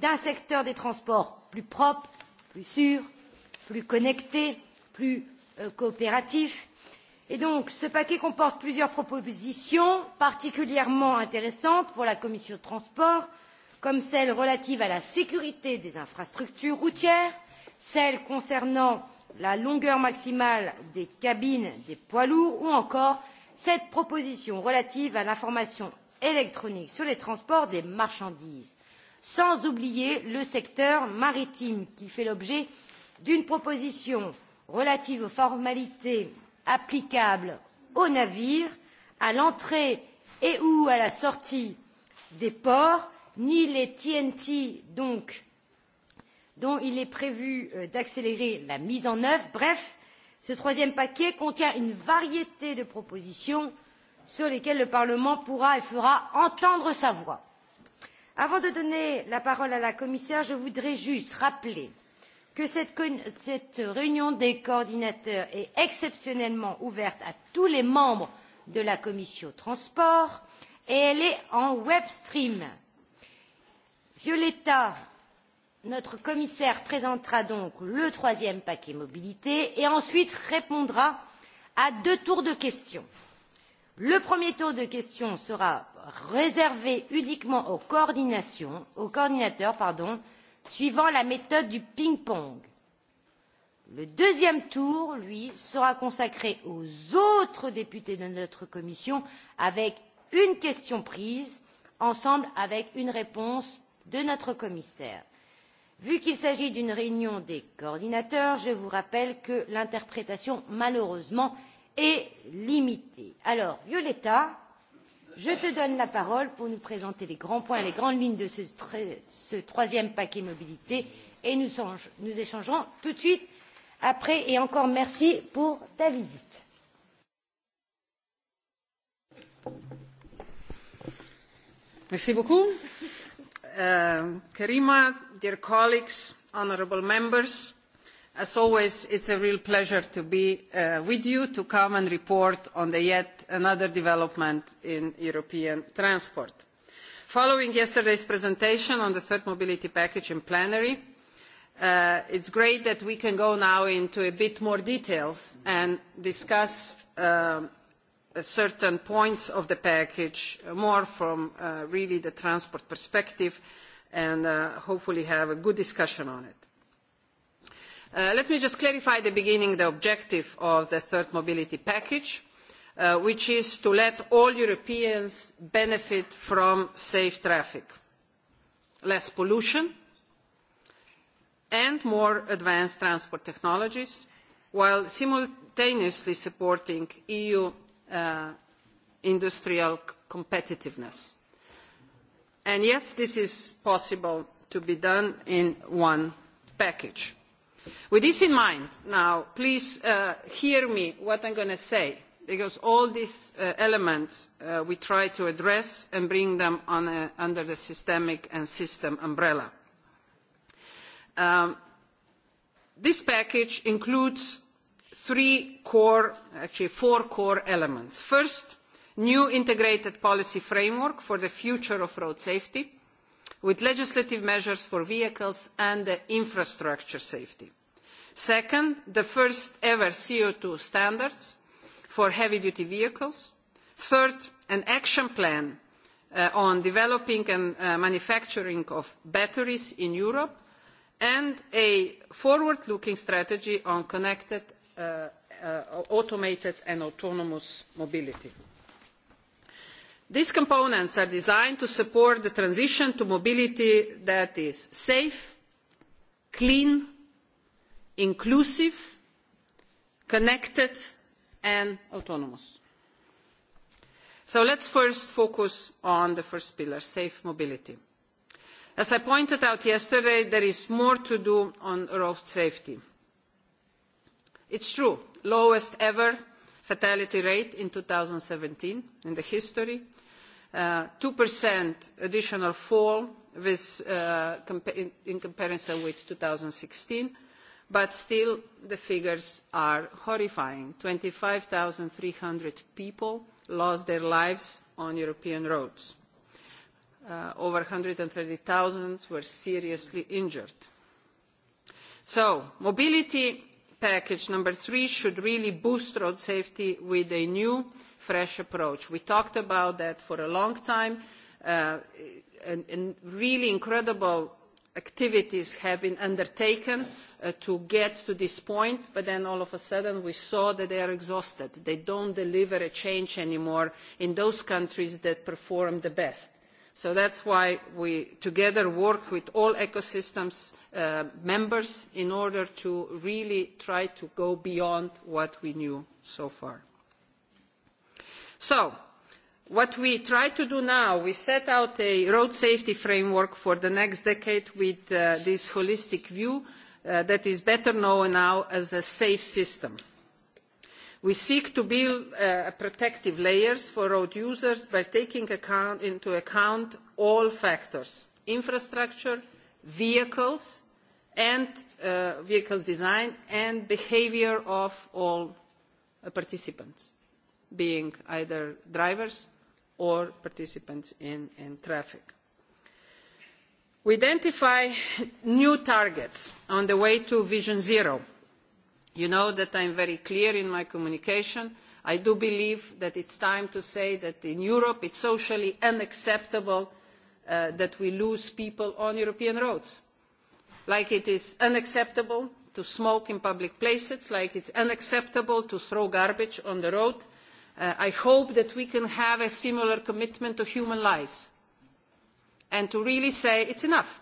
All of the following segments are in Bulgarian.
d'un secteur des transports plus propre, plus sûr, plus connecté, plus coopératif. Et donc, ce paquet comporte plusieurs propositions particulièrement intéressantes pour la commission des transports, comme celle relative à la sécurité des infrastructures routières, celle concernant la longueur maximale des cabines des poids lourds ou encore cette proposition relative à l'information électronique sur les transports des marchandises sans oublier le secteur maritime qui fait l'objet d'une proposition relative aux formalités applicables aux navires à l'entrée et ou à la sortie des ports ni les tnt dont il est prévu d'accélérer la mise en œuvre. bref ce troisième paquet contient une variété de propositions sur lesquelles le parlement pourra et fera entendre sa voix avant de donner la parole à la commissaire je voudrais juste rappeler que cette réunion des coordinateurs est exceptionnellement ouverte à tous les membres de la commission des transports et elle est en web stream. violeta notre commissaire présentera donc le troisième paquet mobilité et ensuite répondra à deux tours de questions. le premier tour de questions sera réservée uniquement aux, coordinateurs suivant la méthode du ping-pong. Le deuxième tour, lui, sera consacré aux autres députés de notre commission avec une question prise, ensemble avec une réponse de notre commissaire. Vu qu'il s'agit d'une réunion des coordinateurs, je vous rappelle que l'interprétation, malheureusement, est limitée. Alors, Violetta, Je te donne la parole pour nous présenter les grands points, et les grandes lignes de ce, troisième paquet mobilité et nous, échangerons tout de suite après et encore merci pour ta visite. Merci beaucoup. Karima, dear colleagues, honourable members, As always, it is a real pleasure to be with you to come and report on yet another development in European transport. Following yesterday's presentation on the third mobility package in plenary, it is great that we can go now into a bit more details and discuss certain points of the package more from really the transport perspective and hopefully have a good discussion on it let me just clarify at the beginning the objective of the third mobility package, which is to let all Europeans benefit from safe traffic. Less pollution and more advanced transport technologies, while simultaneously supporting EU industrial competitiveness. And yes, this is possible to be done in one package With this in mind, now, please hear me what I am going to say, because all these elements we try to address and bring them under the systemic and system umbrella. this package includes three core, actually four core elements. First, new integrated policy framework for the future of road safety with legislative measures for vehicles and infrastructure safety. Second, the first ever co two standards for heavy-duty vehicles. Third, an action plan on developing and manufacturing of batteries in Europe and a forward-looking strategy on connected, automated and autonomous mobility. These components are designed to support the transition to mobility that is safe, clean, inclusive, connected and autonomous. So let's first focus on the first pillar, safe mobility. As I pointed out yesterday, there is more to do on road safety. It's true, lowest ever fatality rate in seventeen in the history, 2% additional fall in comparison with 2016, but still the figures are horrifying. 25,300 people lost their lives on European roads. Over 130,000 were seriously injured. So, mobility package number three should really boost road safety with a new fresh approach. We talked about that for a long time. and, really incredible activities have been undertaken to get to this point, but then all of a sudden we saw that they are exhausted. They don't deliver a change anymore in those countries that perform the best. So that's why we together work with all ecosystems members in order to really try to go beyond what we knew so far. So, what we try to do now, we set out a road safety framework for the next decade with this holistic view that is better known now as a safe system. We seek to build protective layers for road users by taking into account all factors, infrastructure, vehicles, and vehicles design, and behaviour of all participants being either drivers or participants in, traffic. We identify new targets on the way to Vision Zero. You know that I am very clear in my communication. I do believe that it is time to say that in Europe it is socially unacceptable that we lose people on European roads. Like it is unacceptable to smoke in public places, like it is unacceptable to throw garbage on the road, I hope that we can have a similar commitment to human lives and to really say it's enough.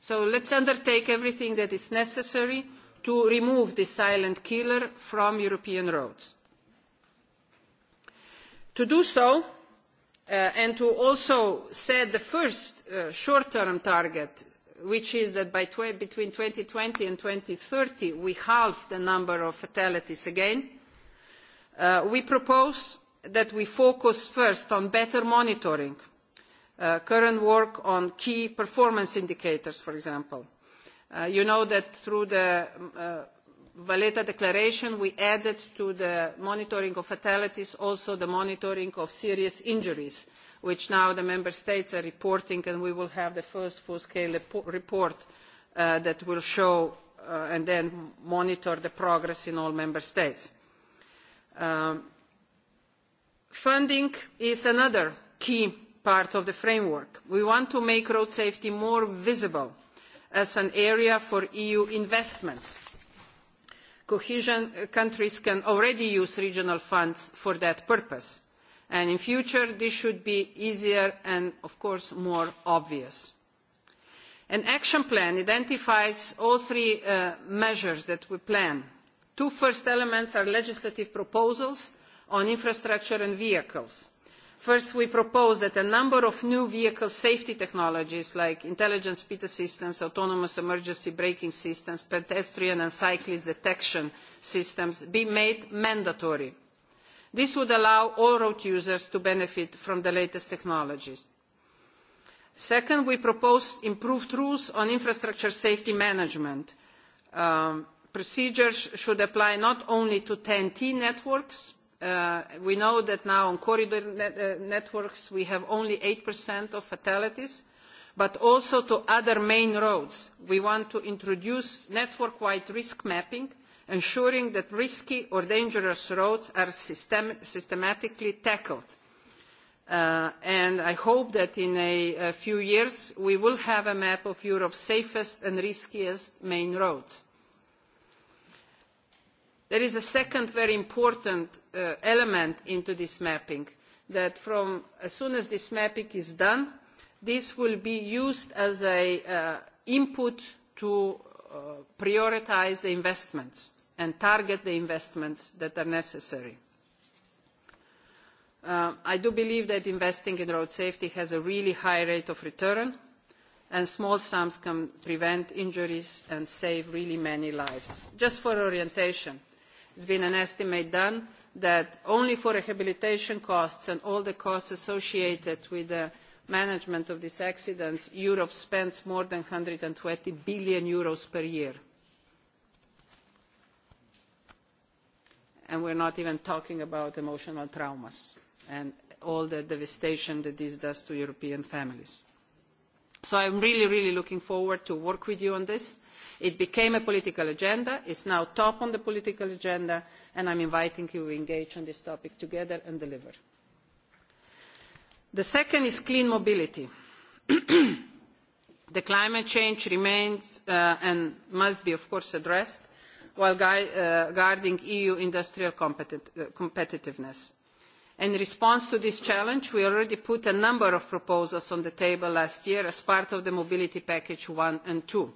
So let's undertake everything that is necessary to remove this silent killer from European roads. To do so, and to also set the first short-term target, which is that by tw between 2020 and thirty we halve the number of fatalities again, we propose that we focus first on better monitoring current work on key performance indicators, for example. you know that through the Valletta Declaration, we added to the monitoring of fatalities also the monitoring of serious injuries, which now the member states are reporting, and we will have the first full-scale report that will show and then monitor the progress in all member states funding is another key part of the framework. We want to make road safety more visible as an area for EU investments. Cohesion countries can already use regional funds for that purpose. And in future, this should be easier and, of course, more obvious. An action plan identifies all three measures that we plan – Two first elements are legislative proposals on infrastructure and vehicles. First, we propose that a number of new vehicle safety technologies like intelligent speed assistance, autonomous emergency braking systems, pedestrian and cyclist detection systems be made mandatory. This would allow all road users to benefit from the latest technologies. Second, we propose improved rules on infrastructure safety management procedures should apply not only to ten t networks. we know that now on corridor networks we have only 8% of fatalities, but also to other main roads. We want to introduce network-wide risk mapping, ensuring that risky or dangerous roads are systematically tackled. and I hope that in a, few years we will have a map of Europe's safest and riskiest main roads There is a second very important element into this mapping, that from as soon as this mapping is done, this will be used as an input to prioritise the investments and target the investments that are necessary. I do believe that investing in road safety has a really high rate of return, and small sums can prevent injuries and save really many lives. Just for orientation, has been an estimate done that only for rehabilitation costs and all the costs associated with the management of these accidents, Europe spends more than EUR one hundred and twenty billion per year. And we are not even talking about emotional traumas and all the devastation that this does to European families. So I am really, really looking forward to work with you on this. It became a political agenda, is now top on the political agenda, and I am inviting you to engage on this topic together and deliver. The second is clean mobility. the climate change remains and must be, of course, addressed while guarding EU industrial competitiveness In response to this challenge, we already put a number of proposals on the table last year as part of the Mobility Package one and two.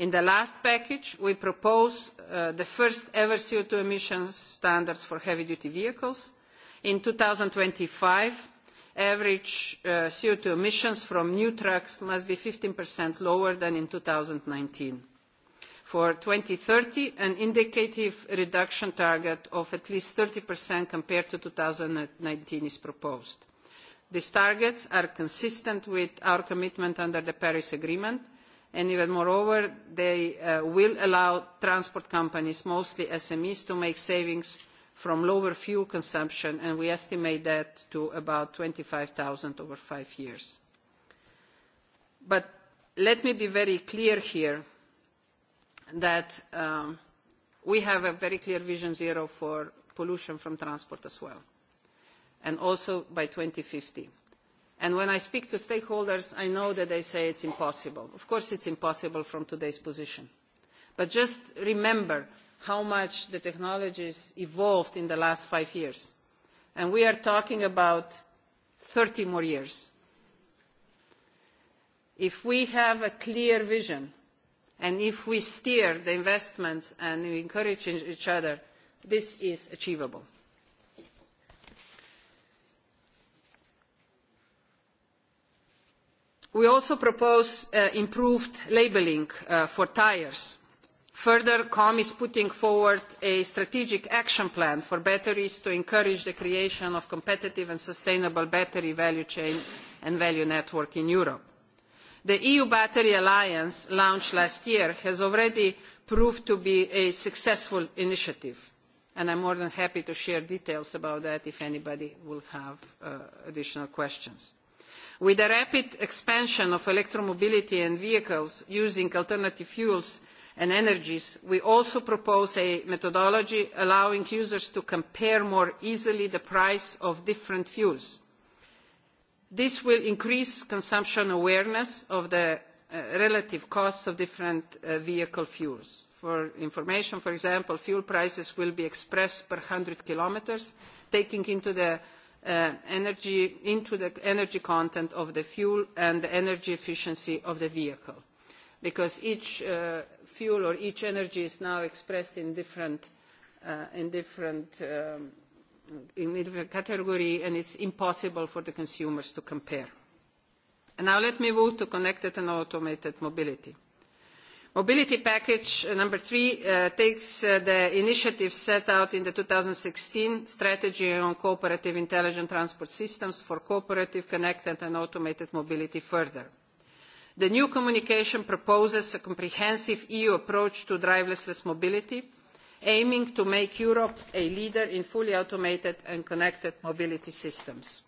In the last package, we proposed the first ever co two emissions standards for heavy-duty vehicles. In twenty five, average co two emissions from new trucks must be fifteen lower than in nineteen for 2030, an indicative reduction target of at least 30% compared to 2019 is proposed. These targets are consistent with our commitment under the Paris Agreement, and even moreover, they will allow transport companies, mostly SMEs, to make savings from lower fuel consumption, and we estimate that to about 25,000 over five years. But let me be very clear here that we have a very clear vision zero for pollution from transport as well, and also by fifty. And when I speak to stakeholders, I know that they say it's impossible. Of course it's impossible from today's position. But just remember how much the technologies evolved in the last five years. And we are talking about thirty more years. If we have a clear vision And if we steer the investments and we encourage each other, this is achievable. We also propose improved labelling for tyres. Further, COM is putting forward a strategic action plan for batteries to encourage the creation of competitive and sustainable battery value chain and value network in Europe the eu battery alliance launched last year has already proved to be a successful initiative and I am more than happy to share details about that if anybody will have additional questions. With the rapid expansion of electromobility and vehicles using alternative fuels and energies, we also propose a methodology allowing users to compare more easily the price of different fuels This will increase consumption awareness of the relative costs of different vehicle fuels. For information, for example, fuel prices will be expressed per hundred kilometres, taking into the energy into the energy content of the fuel and the energy efficiency of the vehicle because each fuel or each energy is now expressed in different in different in the category and it's impossible for the consumers to compare. Now let me move to connected and automated mobility. Mobility package number three takes the initiative set out in the sixteen strategy on cooperative intelligent transport systems for cooperative, connected and automated mobility further. The new communication proposes a comprehensive EU approach to driverless mobility aiming to make Europe a leader in fully automated and connected mobility systems.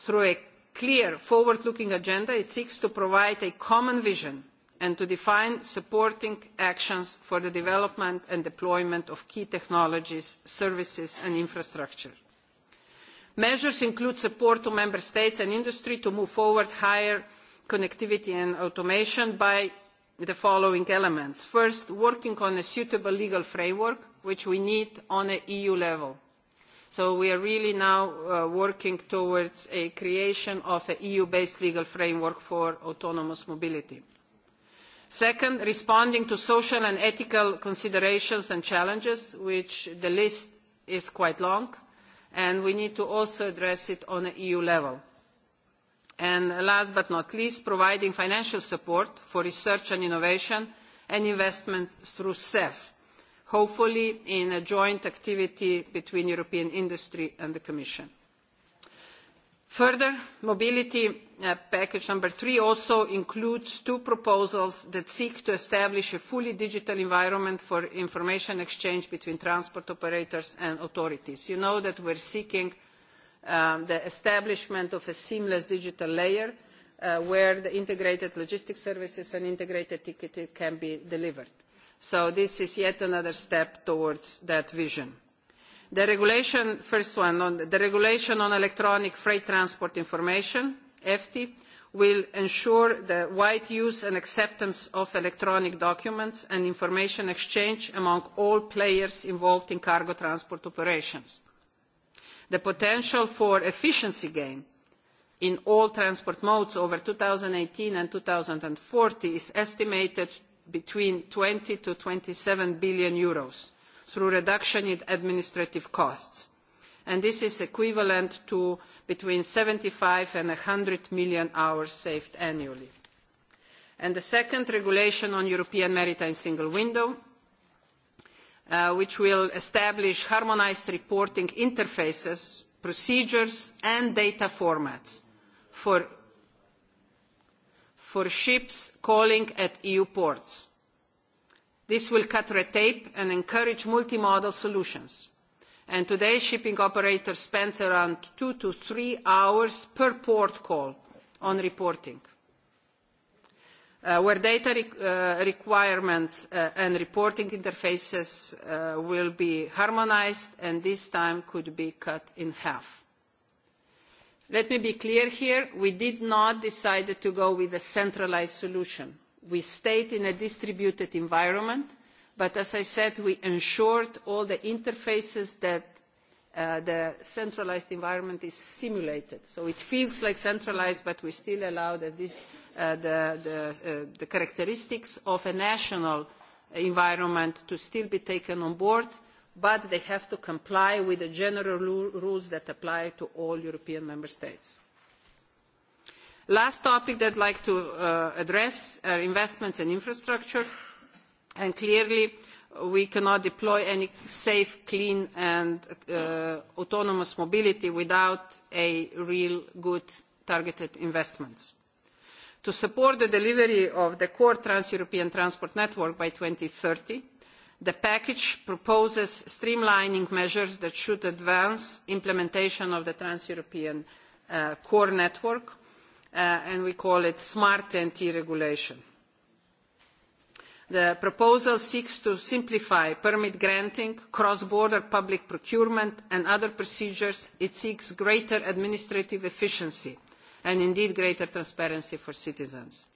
Through a clear forward-looking agenda, it seeks to provide a common vision and to define supporting actions for the development and deployment of key technologies, services and infrastructure. Measures include support to member states and industry to move forward higher connectivity and automation by the following elements. First, working on a suitable legal framework, which we need on an EU level. So we are really now working towards a creation of an EU-based legal framework for autonomous mobility. Second, responding to social and ethical considerations and challenges, which the list is quite long, and we need to also address it on an EU level and last but not least, providing financial support for research and innovation and investment through CEF, hopefully in a joint activity between European industry and the Commission. Further, mobility package number three also includes two proposals that seek to establish a fully digital environment for information exchange between transport operators and authorities. You know that we are seeking the establishment of a seamless digital layer where the integrated logistics services and integrated ticketing can be delivered. So this is yet another step towards that vision. The regulation, first one, on the regulation on electronic freight transport information, EFTI, will ensure the wide use and acceptance of electronic documents and information exchange among all players involved in cargo transport operations the potential for efficiency gain in all transport modes over thousand and forty is estimated between EUR twenty to twenty seven billion through reduction in administrative costs. and This is equivalent to between seventy five and one hundred million hours saved annually. The second regulation on European Maritime Single Window which will establish harmonised reporting interfaces, procedures and data formats for ships calling at EU ports. This will cut red tape and encourage multimodal solutions. And today, shipping operators spend around two to three hours per port call on reporting where data requirements and reporting interfaces will be harmonised and this time could be cut in half. Let me be clear here, we did not decide to go with a centralised solution. We stayed in a distributed environment, but as I said, we ensured all the interfaces that the centralised environment is simulated. So it feels like centralised, but we still allow this the, characteristics of a national environment to still be taken on board, but they have to comply with the general rules that apply to all European member states. Last topic that would like to address are investments in infrastructure. And clearly, we cannot deploy any safe, clean and autonomous mobility without a real good targeted investments to support the delivery of the core trans-European transport network by thirty, the package proposes streamlining measures that should advance implementation of the trans-European core network, and we call it smart TEN-T regulation. The proposal seeks to simplify permit granting, cross-border public procurement and other procedures. It seeks greater administrative efficiency and indeed greater transparency for citizens.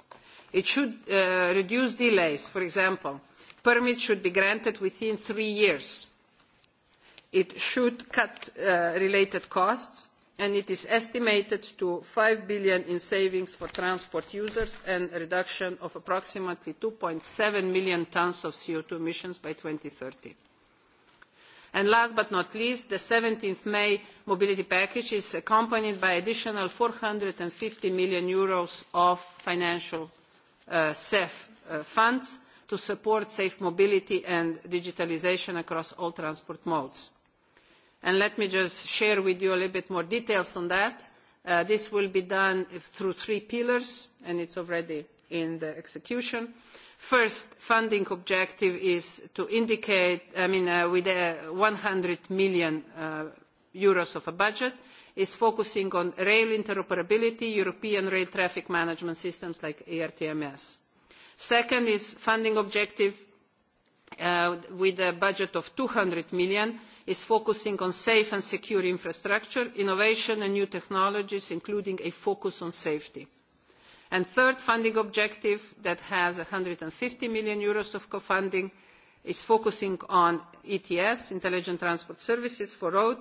It should reduce delays. For example, permits should be granted within three years. It should cut related costs and it is estimated to eur five billion in savings for transport users and a reduction of approximately two seven million tonnes of co two emissions by. two thousand and thirty And last but not least, the seventeen May mobility package is accompanied by an additional EUR four hundred and fifty million of financial CEF funds to support safe mobility and digitalisation across all transport modes. Let me just share with you a little bit more details on that. This will be done through three pillars, and it is already in the execution. First funding objective is to indicate, I mean, with one hundred million euros of a budget, is focusing on rail interoperability, European rail traffic management systems like ERTMS. Second is funding objective with a budget of EUR two hundred million is focusing on safe and secure infrastructure, innovation and new technologies, including a focus on safety. And third funding objective that has EUR one hundred and fifty million of co-funding is focusing on ETS, Intelligent Transport Services for road,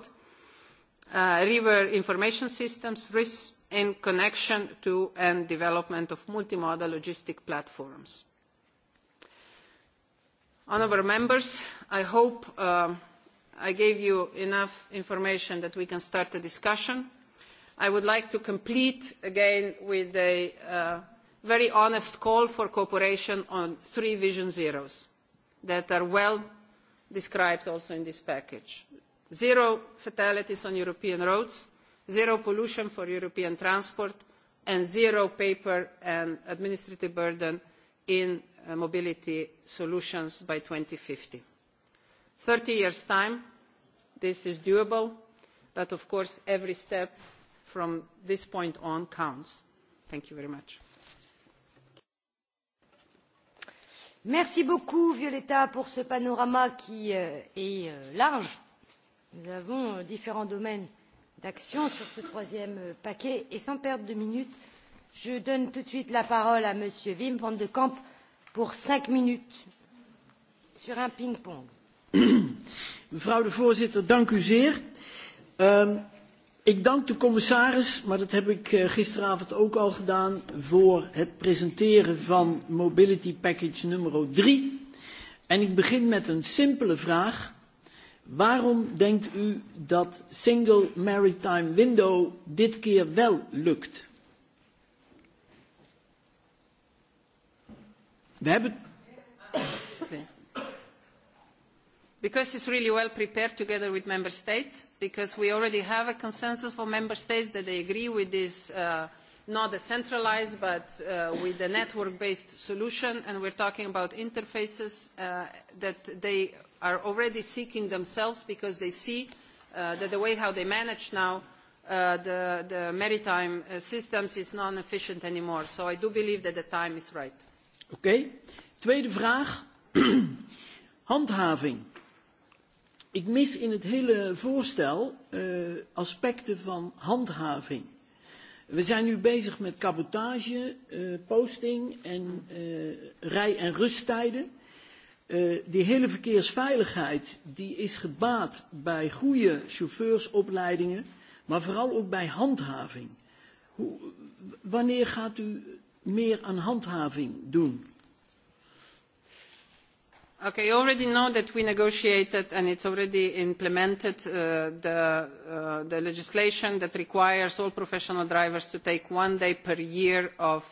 river information systems, risks in connection to and development of multimodal logistic platforms. Honourable members, I hope I gave you enough information that we can start a discussion I would like to complete again with a very honest call for cooperation on three Vision Zeros that are well described also in this package. Zero fatalities on European roads, zero pollution for European transport, and zero paper and administrative burden in mobility solutions by in Thirty years' time, this is doable, but of course every step from this point on counts. Thank you very much. Merci beaucoup Violetta pour ce panorama qui est large. Nous avons différents domaines d'action sur ce troisième paquet et sans perdre de minutes, je donne tout de suite la parole à Monsieur Wim van de Kamp pour cinq minutes sur un ping-pong. Mevrouw de voorzitter, dank u zeer. Ik dank de commissaris, maar dat heb ik gisteravond ook al gedaan, voor het presenteren van Mobility Package nummer 3. En ik begin met een simpele vraag. Waarom denkt u dat Single Maritime Window dit keer wel lukt? We hebben because it is really well prepared together with member states, because we already have a consensus for member states that they agree with this, not a centralised but with a network-based solution, and we are talking about interfaces that they are already seeking themselves because they see that the way how they manage now the, the maritime systems is non-efficient anymore. So I do believe that the time is right. Oké. Tweede vraag. Handhaving Ik mis in het hele voorstel aspecten van handhaving. We zijn nu bezig met cabotage, posting en rij- en rusttijden. die hele verkeersveiligheid die is gebaat bij goede chauffeursopleidingen, maar vooral ook bij handhaving. wanneer gaat u meer aan handhaving doen? Okay, you already know that we negotiated, and it's already implemented, the legislation that requires all professional drivers to take one day per year of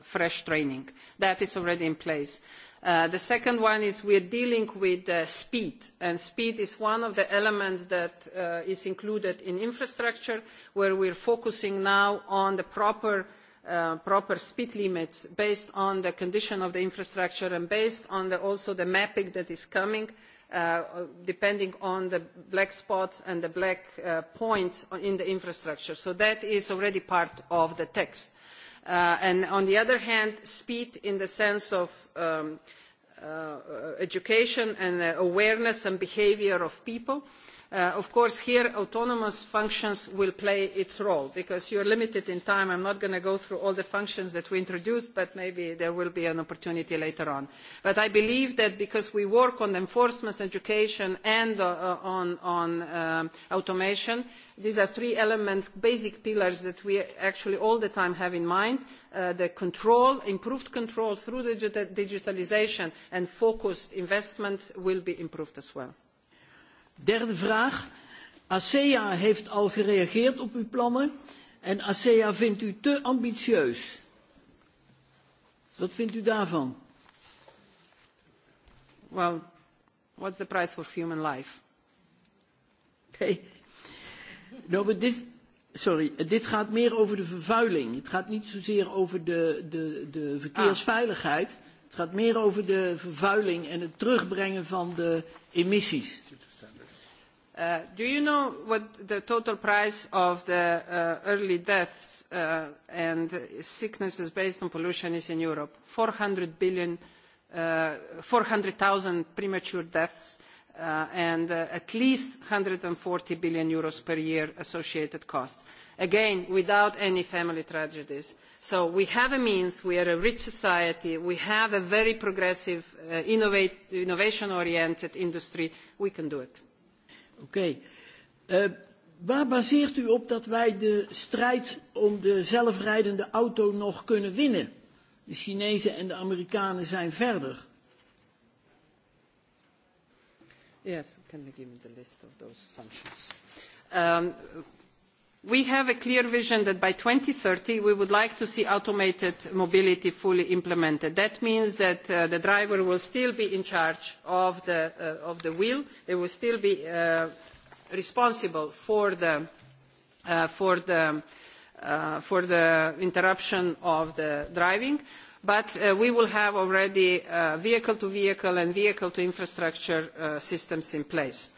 fresh training. That is already in place. The second one is we are dealing with speed, and speed is one of the elements that is included in infrastructure, where we are focusing now on the proper proper speed limits based on the condition of the infrastructure and based on also the mapping that is coming depending on the black spots and the black points in the infrastructure. So that is already part of the text. and on the other hand, speed in the sense of education and awareness and behaviour of people of course, here autonomous functions will play its role because you are limited in time. I am not going to go through all the functions that we introduced, but maybe there will be an opportunity later on. But I believe that because we work on enforcement, education, and on, automation, these are three elements, basic pillars that we actually all the time have in mind. the control, improved control through digitalisation and focused investments will be improved as well. Derde vraag. ASEA heeft al gereageerd op uw plannen en ASEA vindt u te ambitieus. Wat vindt u daarvan? Well, what's the price for human life? Okay. No, sorry, dit gaat meer over de vervuiling. Het gaat niet zozeer over de, de, de verkeersveiligheid. Het gaat meer over de vervuiling en het terugbrengen van de emissies do you know what the total price of the early deaths and sicknesses based on pollution is in Europe? Four hundred billion, uh, 400,000 premature deaths and at least EUR hundred and forty billion per year associated costs. Again, without any family tragedies. So we have a means, we are a rich society, we have a very progressive, innovation-oriented industry, we can do it. Oké. waar baseert u op dat wij de strijd om de zelfrijdende auto nog kunnen winnen? De Chinezen en de Amerikanen zijn verder. Yes, can give me the list of those functions? Um, We have a clear vision that by thirty we would like to see automated mobility fully implemented. That means that the driver will still be in charge of the wheel. They will still be responsible for the interruption of the driving, but we will have already vehicle-to-vehicle and vehicle-to-infrastructure systems in place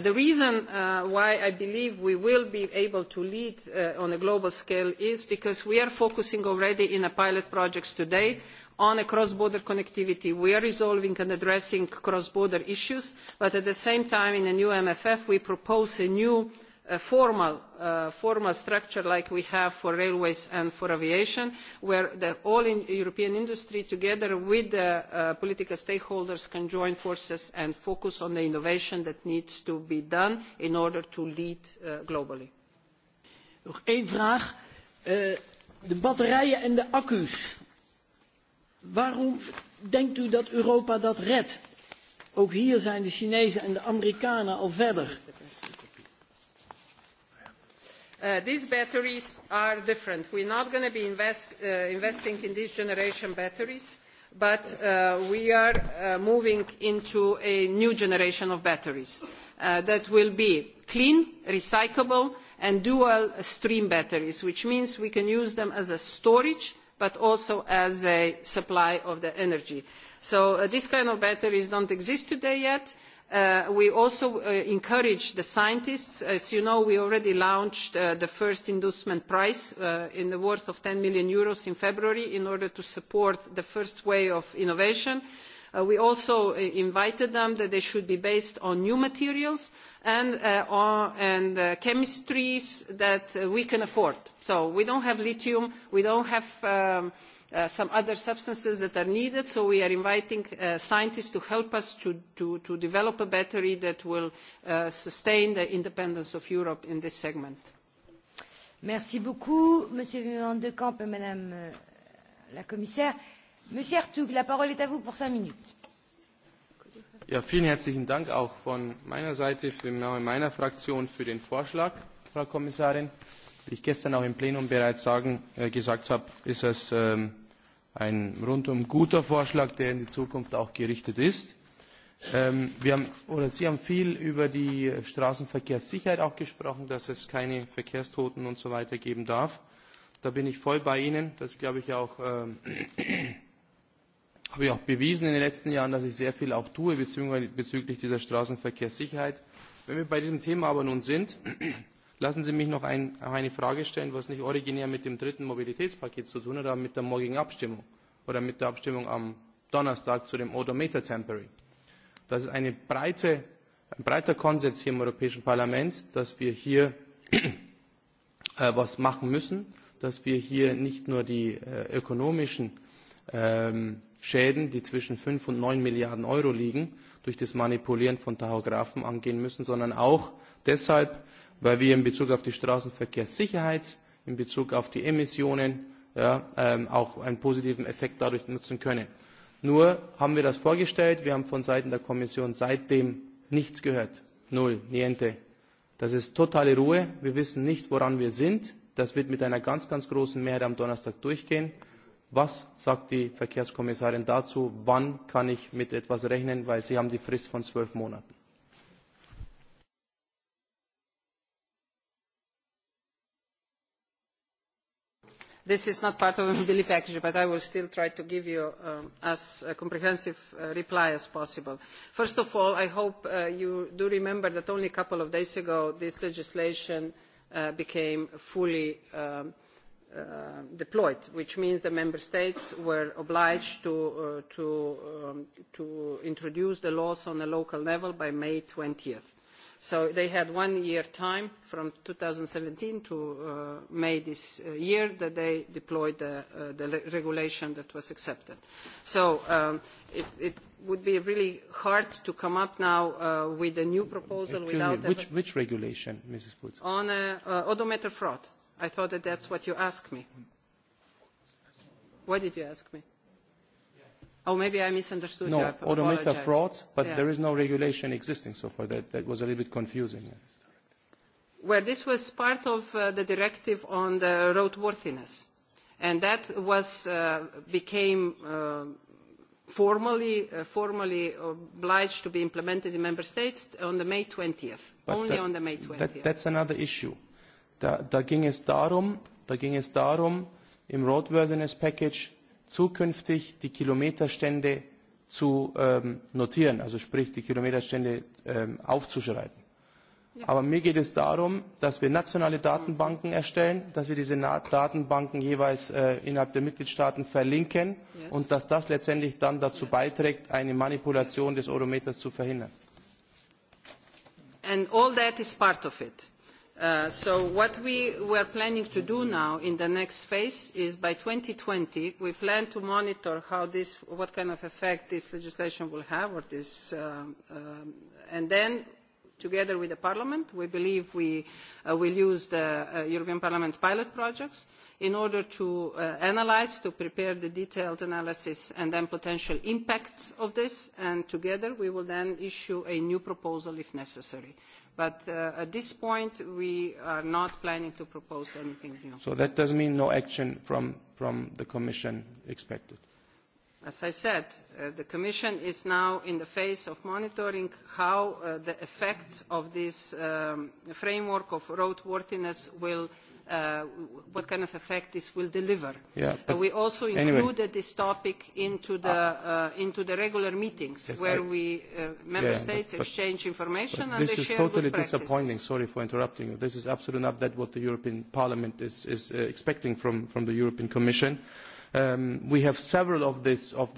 the reason why I believe we will be able to lead on a global scale is because we are focusing already in pilot projects today on cross-border connectivity. We are resolving and addressing cross-border issues, but at the same time in the new MFF we propose a new a formal structure like we have for railways and for aviation, where the all European industry together with the political stakeholders can join forces and focus on the innovation that needs to be done in order to lead globally. Nog één vraag. de batterijen en de accu's. Waarom denkt u dat Europa dat redt? Ook hier zijn de Chinezen en de Amerikanen al verder these batteries are different. We are not going to be investing in this generation batteries, but we are moving into a new generation of batteries that will be clean, recyclable, and dual stream batteries, which means we can use them as a storage but also as a supply of the energy. So these kind of batteries do not exist today yet we also encourage the scientists. As you know, we already launched the first inducement prize in the worth of EUR ten million in February in order to support the first wave of innovation. we also invited them that they should be based on new materials and, chemistries that we can afford. So we don't have lithium, we don't have some other substances that are needed. So we are inviting scientists to help us to, develop a battery that will sustain the independence of Europe in this segment. Merci beaucoup, Monsieur Van de Camp et Madame la Commissaire. Monsieur la parole est à vous pour cinq minutes. vielen herzlichen Dank auch von meiner Seite im Namen meiner Fraktion für den Vorschlag, Frau Kommissarin. Wie ich gestern auch im Plenum bereits gesagt habe, ist es ein rundum guter Vorschlag, der in die Zukunft auch gerichtet ist. Wir haben, oder Sie haben viel über die Straßenverkehrssicherheit auch gesprochen, dass es keine Verkehrstoten und so weiter geben darf. Da bin ich voll bei Ihnen. Das glaube ich auch, habe ich auch bewiesen in den letzten Jahren, dass ich sehr viel auch tue bezüglich dieser Straßenverkehrssicherheit. Wenn wir bei diesem Thema aber nun sind, Lassen Sie mich noch eine Frage stellen, was nicht originär mit dem dritten Mobilitätspaket zu tun hat, aber mit der morgigen Abstimmung oder mit der Abstimmung am Donnerstag zu dem Odometer Temporary. Das ist ein breiter Konsens hier im Europäischen Parlament, dass wir hier etwas machen müssen, dass wir hier nicht nur die ökonomischen Schäden, die zwischen fünf und neun Milliarden Euro liegen, durch das Manipulieren von Tachographen angehen müssen, sondern auch deshalb, weil wir in Bezug auf die Straßenverkehrssicherheit, in Bezug auf die Emissionen auch einen positiven Effekt dadurch nutzen können. Nur haben wir das vorgestellt, wir haben von Seiten der Kommission seitdem nichts gehört. Null, niente. Das ist totale Ruhe. Wir wissen nicht, woran wir sind. Das wird mit einer ganz, ganz großen Mehrheit am Donnerstag durchgehen. Was sagt die Verkehrskommissarin dazu? Wann kann ich mit etwas rechnen? Denn Sie haben die Frist von zwölf Monaten. This is not part of the mobility package, but I will still try to give you as a comprehensive reply as possible. First of all, I hope you do remember that only a couple of days ago this legislation became fully deployed, which means the member states were obliged to, introduce the laws on a local level by May 20th So they had one year time from 2017 to May this year that they deployed the regulation that was accepted. So it would be really hard to come up now with a new proposal without... Which regulation, Mrs. Putz? On uh odometer fraud. I thought that that's what you asked me. What did you ask me? Oh, maybe I misunderstood no, you. No, odometer frauds, but yes. there is no regulation existing so far. That, that was a little bit confusing. Well, this was part of uh, the directive on the roadworthiness, and that was uh, became uh, formally uh, formally obliged to be implemented in member states on the May 20th, but only that, on the May 20th. That, that's another issue. Da, da ging es darum, da ging es darum im Roadworthiness Package zukünftig die Kilometerstände zu notieren, also sprich die Kilometerstände aufzuschreiben. Aber mir geht es darum, dass wir nationale Datenbanken erstellen, dass wir diese Datenbanken jeweils innerhalb der Mitgliedstaaten verlinken und dass das letztendlich dann dazu beiträgt, eine Manipulation des Eurometers zu verhindern. And all that is part of it. So What we were planning to do now in the next phase is by 2020, we plan to monitor how this, what kind of effect this legislation will have or this. and Then together with the Parliament, we believe we will use the European Parliament's pilot projects in order to analyse, to prepare the detailed analysis and then potential impacts of this, and together we will then issue a new proposal if necessary. But at this point, we are not planning to propose anything new. So that does mean no action from, from the Commission expected? As I said, the Commission is now in the phase of monitoring how the effects of this framework of roadworthiness will – uh what kind of effect this will deliver. But we also included this topic into the, uh into the regular meetings where we, uh member states exchange information and they share This is totally disappointing. Sorry for interrupting you. This is absolutely not that what the European Parliament is, is uh expecting from, from the European Commission we have several of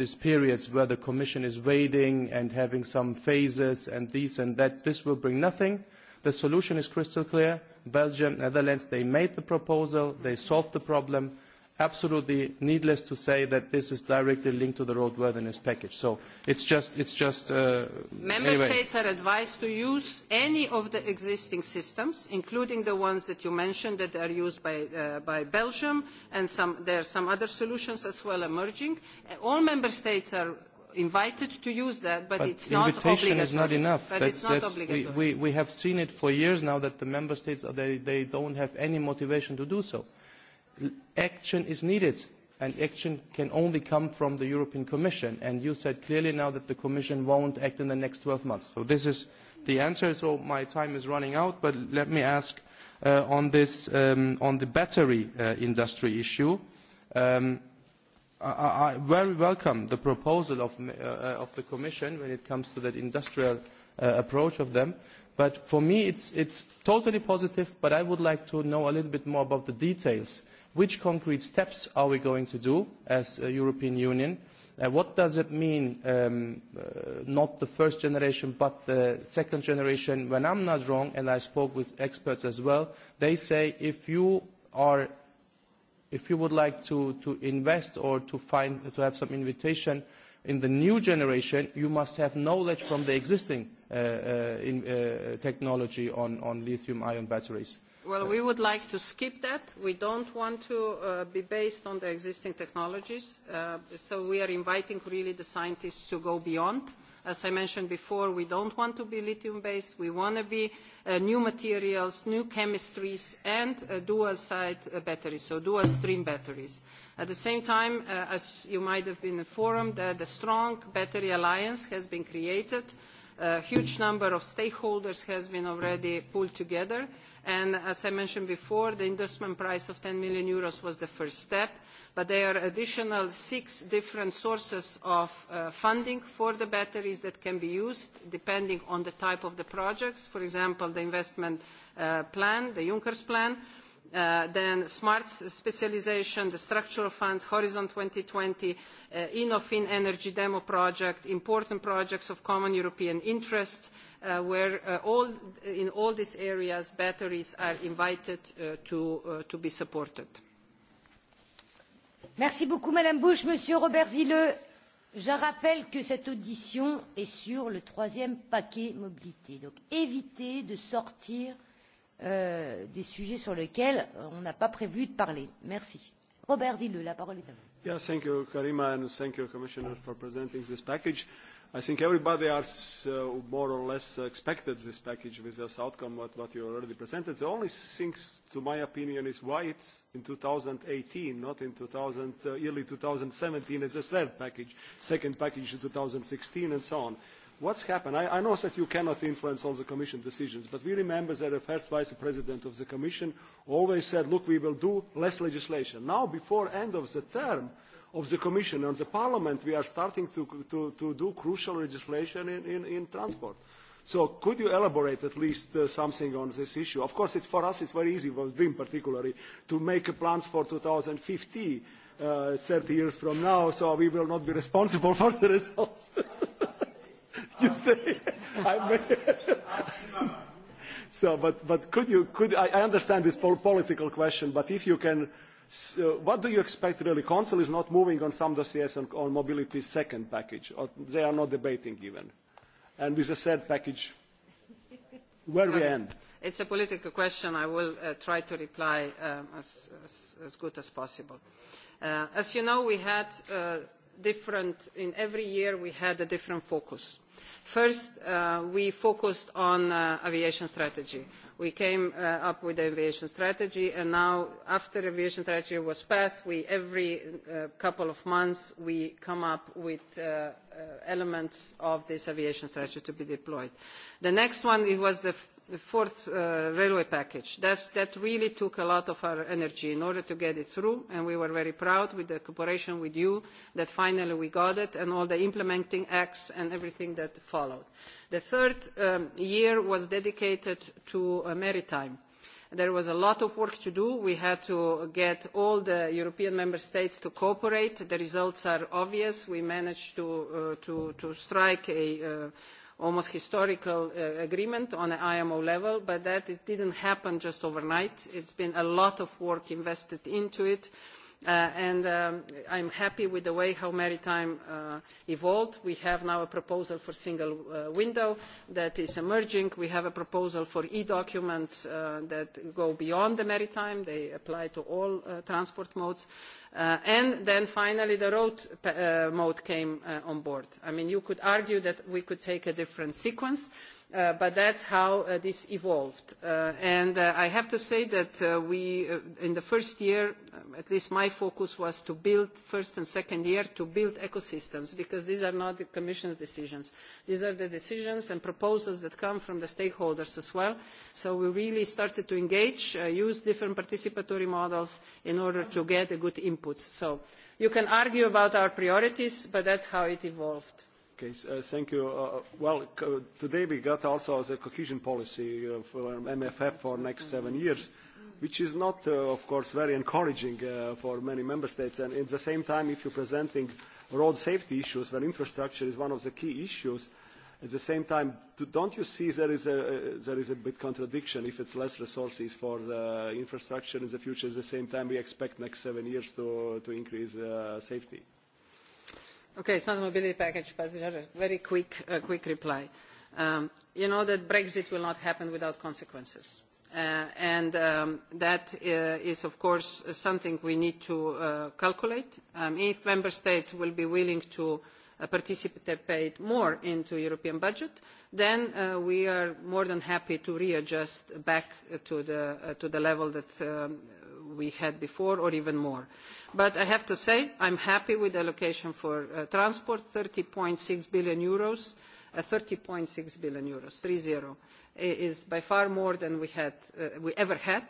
these periods where the commission is waiting and having some phases and this and that. this will bring nothing. The solution is crystal clear. Belgium, and the Netherlands, they made the proposal, they solved the problem. Absolutely needless to say that this is directly linked to the roadworthiness package. So it's just, it's just. Uh, Member anyway. states are advised to use any of the existing systems, including the ones that you mentioned that are used by, uh, by Belgium, and some, there are some other solutions as well emerging. All member states are invited to use that, but, it's not obligatory. invitation is not enough. But it's not obligatory. We, we have seen it for years now that the member states, they, they don't have any motivation to do so. Action is needed, and action can only come from the European Commission. And you said clearly now that the Commission won't act in the next 12 months. So this is the answer. So my time is running out, but let me ask on, this, on the battery industry issue. Um, I very welcome the proposal of, the Commission when it comes to that industrial approach of them. But for me, it's, it's totally positive, but I would like to know a little bit more about the details. Which concrete steps are we going to do as a European Union? what does it mean, not the first generation, but the second generation? When I'm not wrong, and I spoke with experts as well, they say if you are if you would like to, to invest or to, find, to have some invitation in the new generation, you must have knowledge from the existing uh, uh, in, uh, technology on, on lithium-ion batteries. Well, we would like to skip that. We don't want to uh, be based on the existing technologies. Uh, so we are inviting really the scientists to go beyond uh, As I mentioned before, we don't want to be lithium-based. We want to be new materials, new chemistries, and dual-side batteries, so dual-stream batteries. At the same time, as you might have been informed, the Strong Battery Alliance has been created. A huge number of stakeholders has been already pulled together And as I mentioned before, the investment price of 10 million euros was the first step, but there are additional six different sources of funding for the batteries that can be used depending on the type of the projects. For example, the investment plan, the Juncker's plan, then smart specialisation, the structural funds, Horizon 2020, Enofin Energy Demo Project, important projects of common European interest, where in all these areas batteries are invited to be supported. Merci beaucoup Madame Bush, Monsieur Robert Zille. Je rappelle que cette audition est sur le troisième paquet mobilité. Donc évitez de sortir des sujets sur lesquels on n'a pas prévu de parler. Merci. Robert Zille, la parole est à vous. Yes, thank you, Karima, and thank you, Commissioner, for presenting this package. Uh, I think everybody has uh, more or less expected this package with this outcome, what, what you already presented. The only thing, to my opinion, is why it's in 2018, not in 2000, uh, early 2017 as a third package, second package in 2016, and so on. What's happened? I, I know that you cannot influence all the Commission decisions, but we remember that the first Vice President of the Commission always said, look, we will do less legislation. Now, before end of the term, of the Commission and the Parliament, we are starting to, to, to do crucial legislation in, in, in transport. So could you elaborate at least something on this issue? Of course, it's, for us it's very easy, for BIM particularly, to make plans for 2050, uh, 30 years from now, so we will not be responsible for the results. you stay. I'm so, but, but could you, could, I, I understand this political question, but if you can So what do you expect really? Council is not moving on some dossiers on, on mobility's second package. Or they are not debating even. And with the third package, where we end? It's a political question. I will uh, try to reply um, as, as, as good as possible. Uh, as you know, we had uh, different, in every year we had a different focus. First, uh, we focused on uh, aviation strategy we came up with the aviation strategy, and now after the aviation strategy was passed, we every couple of months we come up with elements of this aviation strategy to be deployed. The next one it was the the fourth railway package. That really took a lot of our energy in order to get it through, and we were very proud with the cooperation with you that finally we got it, and all the implementing acts and everything that followed. The third year was dedicated to maritime. There was a lot of work to do. We had to get all the European member states to cooperate. The results are obvious. We managed to strike a almost historical agreement on an IMO level, but that it didn't happen just overnight. It's been a lot of work invested into it and I'm happy with the way how maritime evolved. We have now a proposal for single window that is emerging. We have a proposal for e-documents that go beyond the maritime. They apply to all transport modes. and then finally the road mode came on board. I mean, you could argue that we could take a different sequence but that's how this evolved. and I have to say that we, in the first year, at least my focus was to build, first and second year, to build ecosystems, because these are not the Commission's decisions. These are the decisions and proposals that come from the stakeholders as well. So we really started to engage, use different participatory models in order to get a good input. So you can argue about our priorities, but that's how it evolved. Okay, thank you. Well, today we got also the cohesion policy for MFF for next seven years, which is not, of course, very encouraging for many member states. And at the same time, if you're presenting road safety issues, where infrastructure is one of the key issues, at the same time, don't you see there is a, there is a bit contradiction if it's less resources for the infrastructure in the future, at the same time we expect next seven years to, to increase uh, safety? Okay, it's not a mobility package, but just a very quick, uh, quick reply. Um, you know that Brexit will not happen without consequences. Uh, and um, that uh, is, of course, something we need to uh, calculate. Um, if member states will be willing to participate more into the European budget, then we are more than happy to readjust back to the, level that we had before or even more. But I have to say I'm happy with the allocation for uh, transport, 30.6 billion euros, uh, 30.6 billion euros, 3-0, is by far more than we, had, uh, we ever had.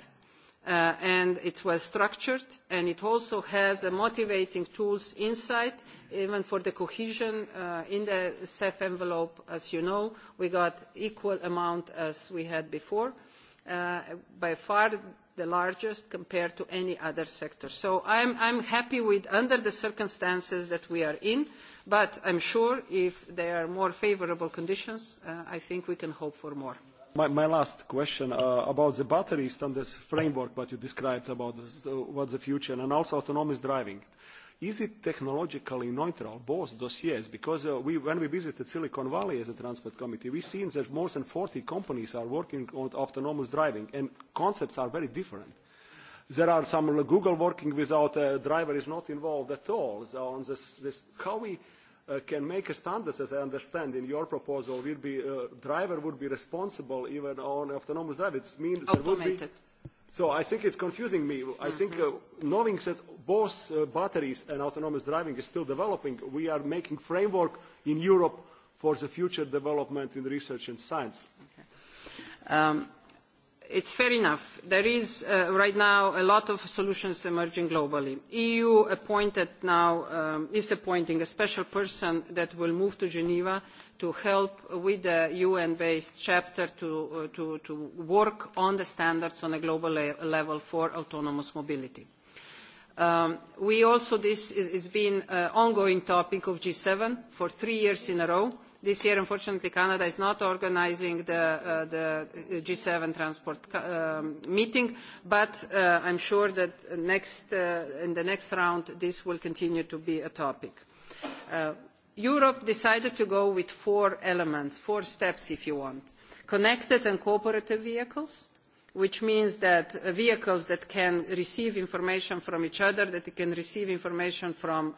Uh, and it's well structured and it also has a motivating tools inside even for the cohesion uh, in the CEF envelope as you know we got equal amount as we had before uh, by far the largest compared to any other sector. So I'm, I'm happy with, under the circumstances that we are in, but I'm sure if there are more favorable conditions, I think we can hope for more. My, my last question about the batteries and this framework that you described about what the future and also autonomous driving is it technologically neutral, both dossiers? Because uh, we, when we visited Silicon Valley as a transport committee, we've seen that more than 40 companies are working on autonomous driving, and concepts are very different. There are some Google working without a driver is not involved at all. So on this, this how we uh, can make a standard, as I understand, in your proposal, will be uh, driver would be responsible even on autonomous driving. It means there would be So I think it's confusing me. I think uh, knowing that both uh, batteries and autonomous driving is still developing, we are making framework in Europe for the future development in research and science. Okay. Um, It is fair enough. There is right now a lot of solutions emerging globally. The EU appointed now is appointing a special person that will move to Geneva to help with the UN-based chapter to, work on the standards on a global level for autonomous mobility. we also, this has been an ongoing topic of G seven for three years in a row This year, unfortunately, Canada is not organising the, g seven transport meeting, but I am sure that in the next round this will continue to be a topic. Europe decided to go with four elements, four steps if you want. Connected and cooperative vehicles, which means that vehicles that can receive information from each other, that can receive information from,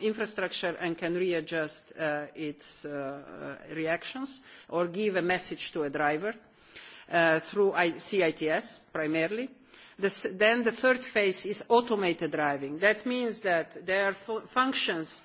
infrastructure and can readjust its reactions or give a message to a driver through CITS primarily. then the third phase is automated driving. That means that there are functions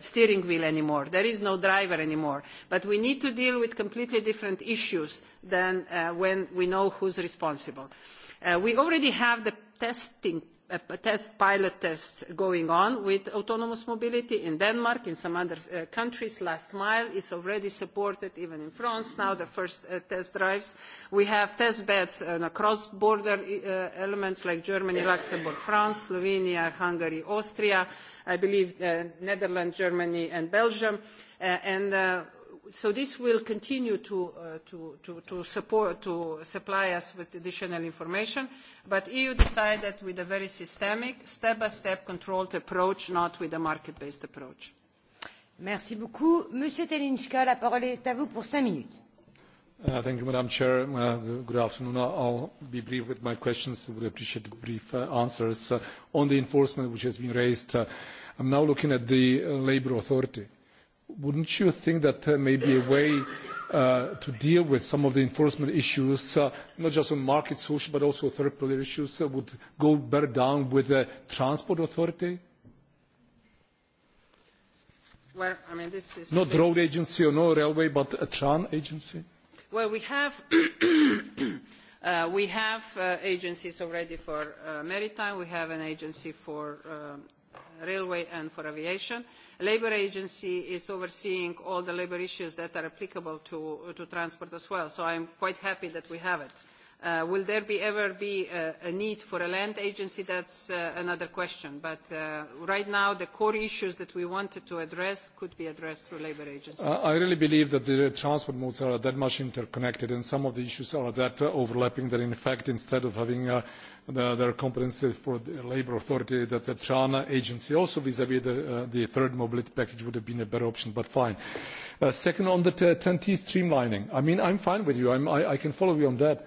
steering wheel anymore. There is no driver anymore. But we need to deal with completely different issues than when we know who is responsible. we already have the testing pilot tests going on with autonomous mobility in Denmark, in some other countries. Last mile is already supported, even in France now, the first test drives. We have test beds on cross-border elements like Germany, Luxembourg, France, Slovenia, Hungary, Austria, I believe Netherlands, Germany, and Belgium. and so this will continue to support, to supply us with additional information, but EU decided with a very systemic, step-by-step controlled approach, not with a market-based approach. Merci beaucoup. Monsieur Telinska, la parole est à vous pour cinq minutes. Thank you, Madam Chair. Good afternoon. I'll be brief with my questions. Would appreciate the brief answers. On the enforcement, which has been raised, I'm now looking at the Labour Authority wouldn't you think that uh, maybe a way uh, to deal with some of the enforcement issues, uh, not just on market social, but also third pillar issues, uh, would go better down with the transport authority? Well, I mean, this is not road agency or no railway, but a tran agency. Well, we have uh, we have uh, agencies already for uh, maritime. We have an agency for um, railway and for aviation. The Labour Agency is overseeing all the labour issues that are applicable to, transport as well, so I am quite happy that we have it will there be ever be a, need for a land agency? That's uh, another question. But right now, the core issues that we wanted to address could be addressed through labour agencies. I really believe that the transport modes are that much interconnected, and some of the issues are that overlapping that, in fact, instead of having their competency for the labour authority, that the China agency also vis-à-vis the, the third mobility package would have been a better option, but fine. second, on the ten t streamlining, I mean, I'm fine with you. I'm, I, I can follow you on that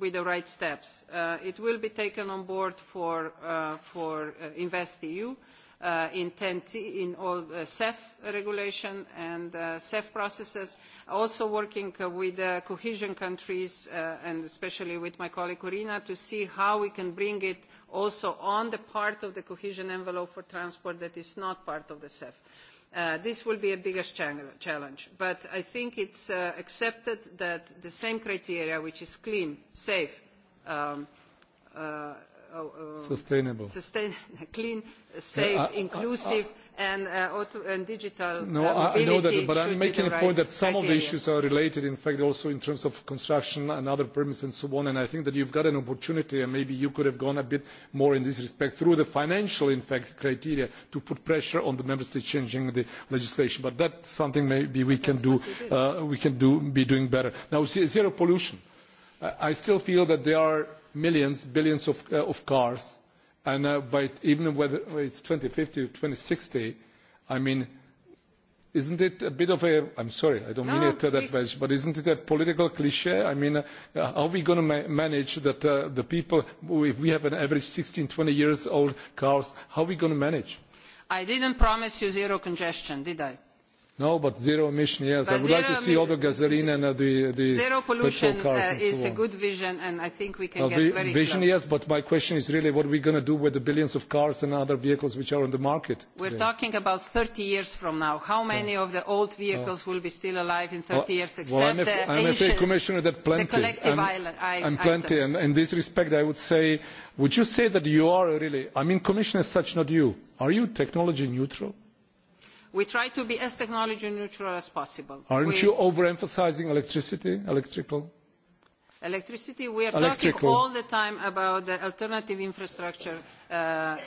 with the right steps. it will be taken on board for, InvestEU in TEN-T, in all the CEF regulation and CEF processes, also working with the cohesion countries and especially with my colleague Corina to see how we can bring it also on the part of the cohesion envelope for transport that is not part of the CEF this will be a biggest challenge, but I think it's uh, accepted that the same criteria, which is clean, safe, sustainable, sustain, clean, safe, inclusive, and, uh, and digital. No, I, I know that, but I'm making a point that some of the issues are related, in fact, also in terms of construction and other permits and so on. And I think that you've got an opportunity, and maybe you could have gone a bit more in this respect through the financial, in fact, criteria to put pressure on the member states changing the legislation. But that's something maybe we can do. Uh, we can do be doing better. Now, zero pollution. I still feel that there are millions, billions of, cars. And by even whether it's 2050 or 2060, I mean, isn't it a bit of a, I'm sorry, I don't mean it that way, but isn't it a political cliche? I mean, are we going to manage that the people, if we have an average 16, 20 years old cars, how are we going to manage? I didn't promise you zero congestion, did I? No, but zero emission, yes. But I would like to see other gasoline and uh, the, the Zero pollution petrol cars uh, and so is a good vision, and I think we can well, get very Vision, close. yes, but my question is really what are we going to do with the billions of cars and other vehicles which are on the market? We're today? talking about 30 years from now. How many yeah. of the old vehicles uh, will be still alive in 30 well, years, except well, I'm a, the I'm ancient, a commissioner that plenty. The collective I'm, island, I'm items. plenty, and in this respect, I would say, would you say that you are really, I mean, commissioner, such not you, are you technology neutral? We try to be as technology neutral as possible. Aren't we, you overemphasizing electricity, electrical? Electricity, we are talking all the time about the alternative infrastructure uh, uh,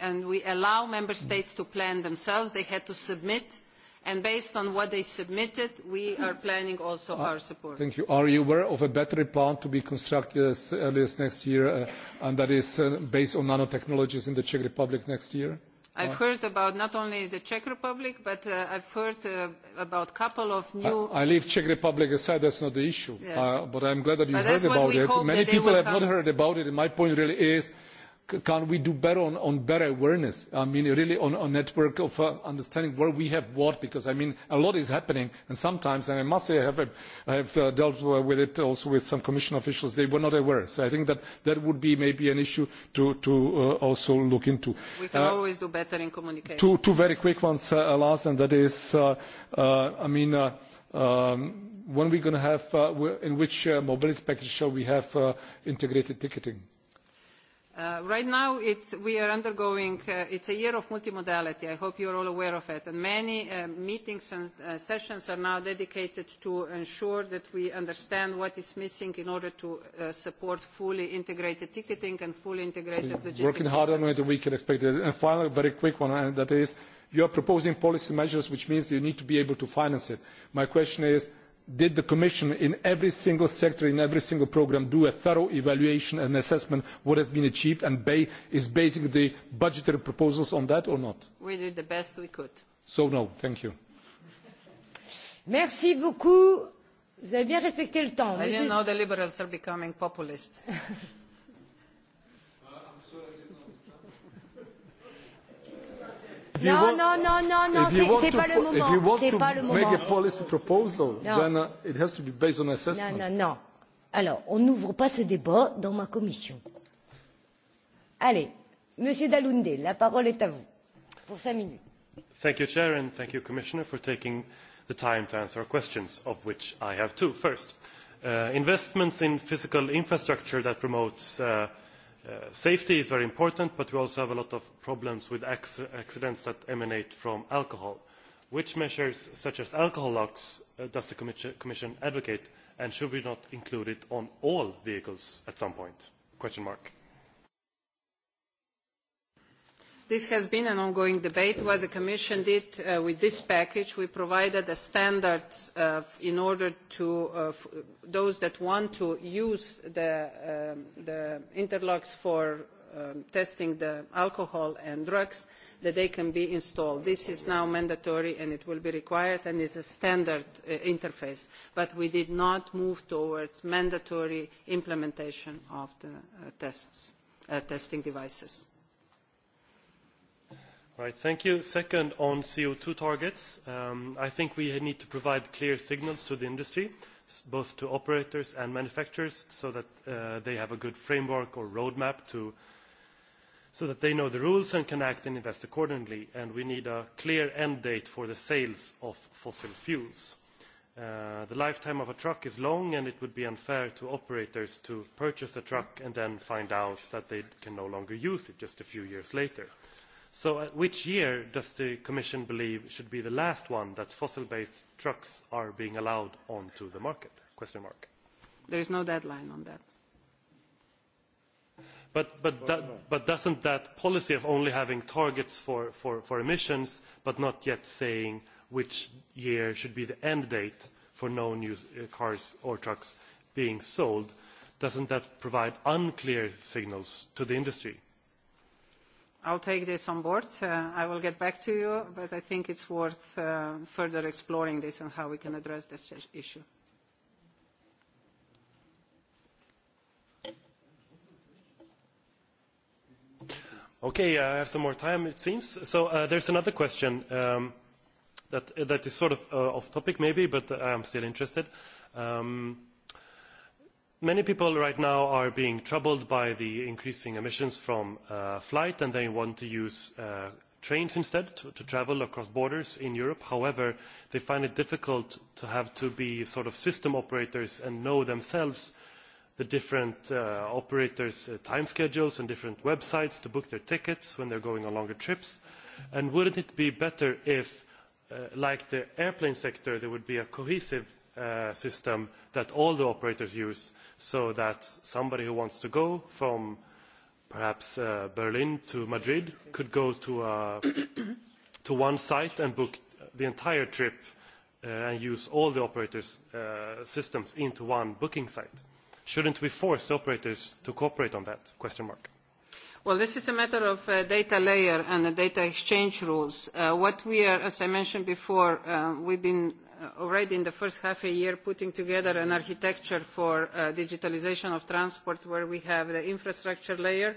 and we allow member states to plan themselves. They had to submit and based on what they submitted, we are planning also our support. Thank you. Are you aware of a battery plant to be constructed as early as next year, and that is based on nanotechnologies in the Czech Republic next year? I've heard about not only the Czech Republic, but uh, I've heard uh, about a couple of new... I, I leave Czech Republic aside, that's not the issue. Yes. Uh, but I'm glad that you but heard about it. Many people have not heard about it, and my point really is can we do better on, on better awareness? I mean, really on a network of uh, understanding where we have what, because I mean, a lot is happening, and sometimes, and I must say, I have, I have uh, dealt with it also with some commission officials, they were not aware. So I think that that would be maybe an issue to, to uh, also look into. We can always do better in communication. Two, two very quick ones, uh, last, and that is, uh, uh, I mean, uh, um, when we going to have, uh, in which uh, mobility package shall we have uh, integrated ticketing? right now, it's, we are undergoing, uh, it's a year of multimodality. I hope you're all aware of it. And many uh, meetings and uh, sessions are now dedicated to ensure that we understand what is missing in order to uh, support fully integrated ticketing and fully integrated so logistics Working hard on it, we can expect it. And finally, very quick one, and that is, you are proposing policy measures, which means you need to be able to finance it. My question is, did the Commission in every single sector, in every single programme, do a thorough evaluation and assessment of what has been achieved and is basing the budgetary proposals on that or not? We did the best we could. So no, thank you. Merci beaucoup. Vous avez bien respecté le temps. I didn't know the liberals are becoming populists. Non, non, non, non, non, c'est pas le moment. If you want pas to make a policy proposal, non. then uh, it has to be based on assessment. Non, non, non. Alors, on n'ouvre pas ce débat dans ma commission. Allez, Monsieur Dalunde, la parole est à vous pour cinq minutes. Thank you, Chair, and thank you, Commissioner, for taking the time to answer questions, of which I have two. First, uh, investments in physical infrastructure that promotes uh, safety is very important, but we also have a lot of problems with accidents that emanate from alcohol. Which measures, such as alcohol locks, does the Commission advocate, and should we not include it on all vehicles at some point? Question mark This has been an ongoing debate. What the Commission did with this package, we provided a standard in order to those that want to use the interlocks for testing the alcohol and drugs, that they can be installed. This is now mandatory and it will be required and is a standard interface. But we did not move towards mandatory implementation of the testing devices. Right, thank you. Second, on CO2 targets, I think we need to provide clear signals to the industry, both to operators and manufacturers, so that they have a good framework or roadmap to so that they know the rules and can act and invest accordingly. And we need a clear end date for the sales of fossil fuels. The lifetime of a truck is long, and it would be unfair to operators to purchase a truck and then find out that they can no longer use it just a few years later. So which year does the Commission believe should be the last one that fossil-based trucks are being allowed onto the market? There is no deadline on that. But, but, that, but doesn't that policy of only having targets for, for, for emissions but not yet saying which year should be the end date for no new cars or trucks being sold, doesn't that provide unclear signals to the industry? I'll take this on board. I will get back to you, but I think it's worth further exploring this and how we can address this issue. Okay, I have some more time, it seems. So uh, there's another question um, that, that is sort of uh, off topic, maybe, but I'm still interested. Um, many people right now are being troubled by the increasing emissions from flight and they want to use trains instead to, travel across borders in Europe. However, they find it difficult to have to be sort of system operators and know themselves the different operators' time schedules and different websites to book their tickets when they are going on longer trips. And wouldn't it be better if, like the airplane sector, there would be a cohesive system that all the operators use so that somebody who wants to go from perhaps uh Berlin to Madrid could go to to one site and book the entire trip uh and use all the operators' uh systems into one booking site. Shouldn't we force the operators to cooperate on that? Question mark. Well, this is a matter of uh, data layer and the data exchange rules. Uh, what we are, as I mentioned before, uh, we've been already in the first half a year putting together an architecture for digitalisation of transport where we have the infrastructure layer,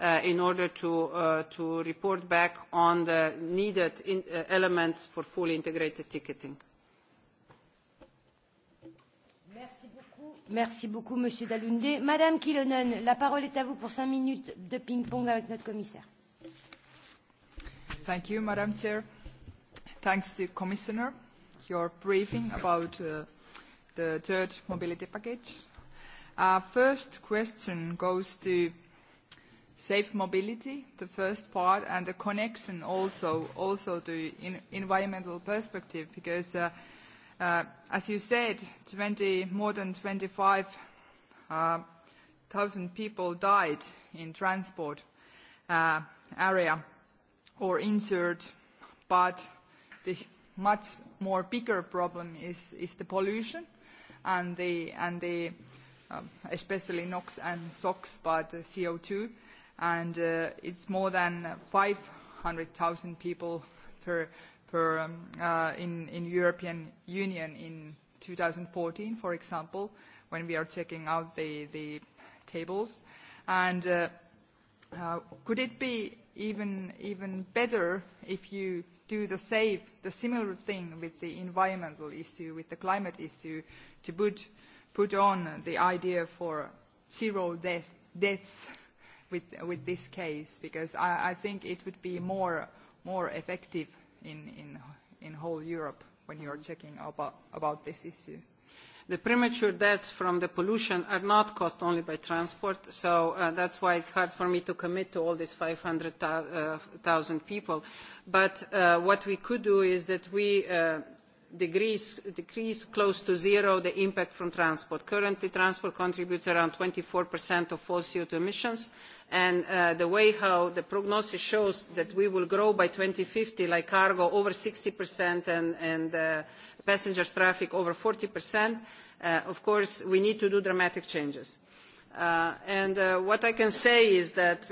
in order to report back on the needed elements for fully integrated ticketing. Merci beaucoup, Monsieur Madame Kilonen, la parole est à vous pour cinq minutes de ping-pong avec notre commissaire. Thank you, Madam Chair. Thanks to Commissioner, your briefing about the third mobility package. first question goes to safe mobility, the first part, and the connection also also to in environmental perspective, because uh, uh, as you said, 20, more than 25,000 people died in transport uh, area or injured, but the much more bigger problem is, is the pollution and the, and the especially NOx and SOx, but the CO2 and uh, it's more than 500,000 people per, per um, uh, in, in European Union in 2014, for example, when we are checking out the, the tables. And uh, uh, could it be even, even better if you do the same, the similar thing with the environmental issue, with the climate issue, to put, put on the idea for zero death, deaths with, with this case because I, I think it would be more, more effective in, in, in whole Europe when you are checking about, about this issue. The premature deaths from the pollution are not caused only by transport, so uh, that's why it's hard for me to commit to all these 500,000 people. But uh, what we could do is that we uh, decrease close to zero the impact from transport. Currently, transport contributes around 24% of all co two emissions, and the way how the prognosis shows that we will grow by fifty, like cargo, over 60% and passengers traffic over 40%, of course, we need to do dramatic changes. And what I can say is that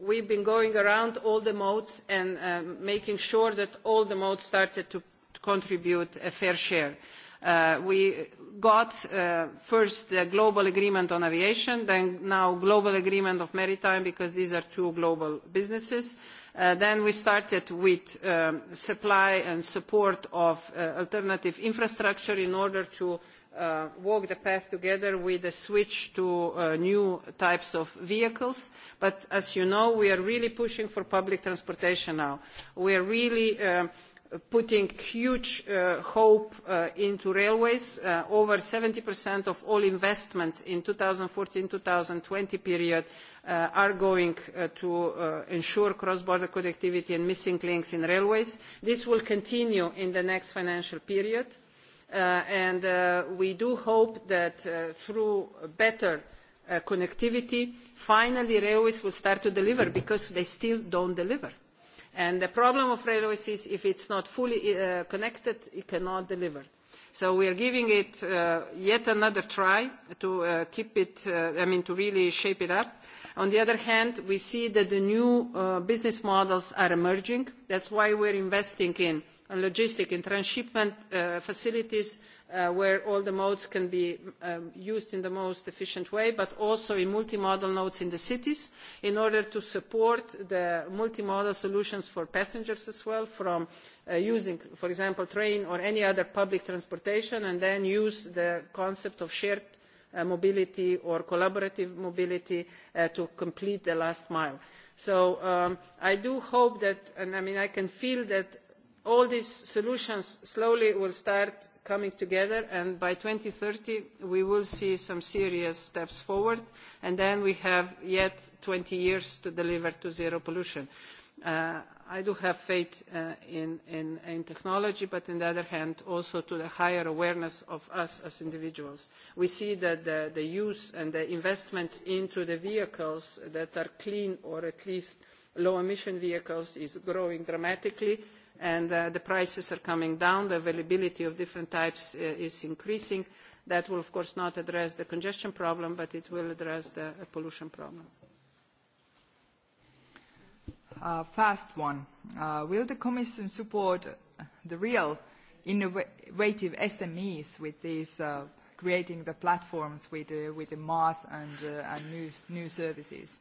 we've been going around all the modes and making sure that all the modes started to contribute a fair share. we got first the global agreement on aviation, then now global agreement of maritime, because these are two global businesses. then we started with supply and support of alternative infrastructure in order to walk the path together with a switch to new types of vehicles. But as you know, we are really pushing for public transportation now. We are really putting huge hope into railways. over 70% of all investments in the 2014-2020 period are going to ensure cross-border connectivity and missing links in railways. This will continue in the next financial period. and we do hope that through better connectivity, finally railways will start to deliver because they still don't deliver And the problem of railways is if it's not fully uh, connected, it cannot deliver. So we are giving it uh, yet another try to uh, keep it, uh, I mean, to really shape it up. On the other hand, we see that the new uh, business models are emerging. That's why we're investing in logistic and transshipment uh, facilities where all the modes can be used in the most efficient way, but also in multimodal nodes in the cities in order to support the multimodal solutions for passengers as well from using, for example, train or any other public transportation and then use the concept of shared mobility or collaborative mobility to complete the last mile. So I do hope that, and I mean I can feel that all these solutions slowly will start coming together, and by thirty we will see some serious steps forward, and then we have yet twenty years to deliver to zero pollution. I do have faith in technology, but on the other hand, also to the higher awareness of us as individuals. We see that the use and the investments into the vehicles that are clean or at least low-emission vehicles is growing dramatically, and the prices are coming down, the availability of different types is increasing. That will, of course, not address the congestion problem, but it will address the pollution problem. Fast one. Will the Commission support the real innovative SMEs with these creating the platforms with the mass and new services?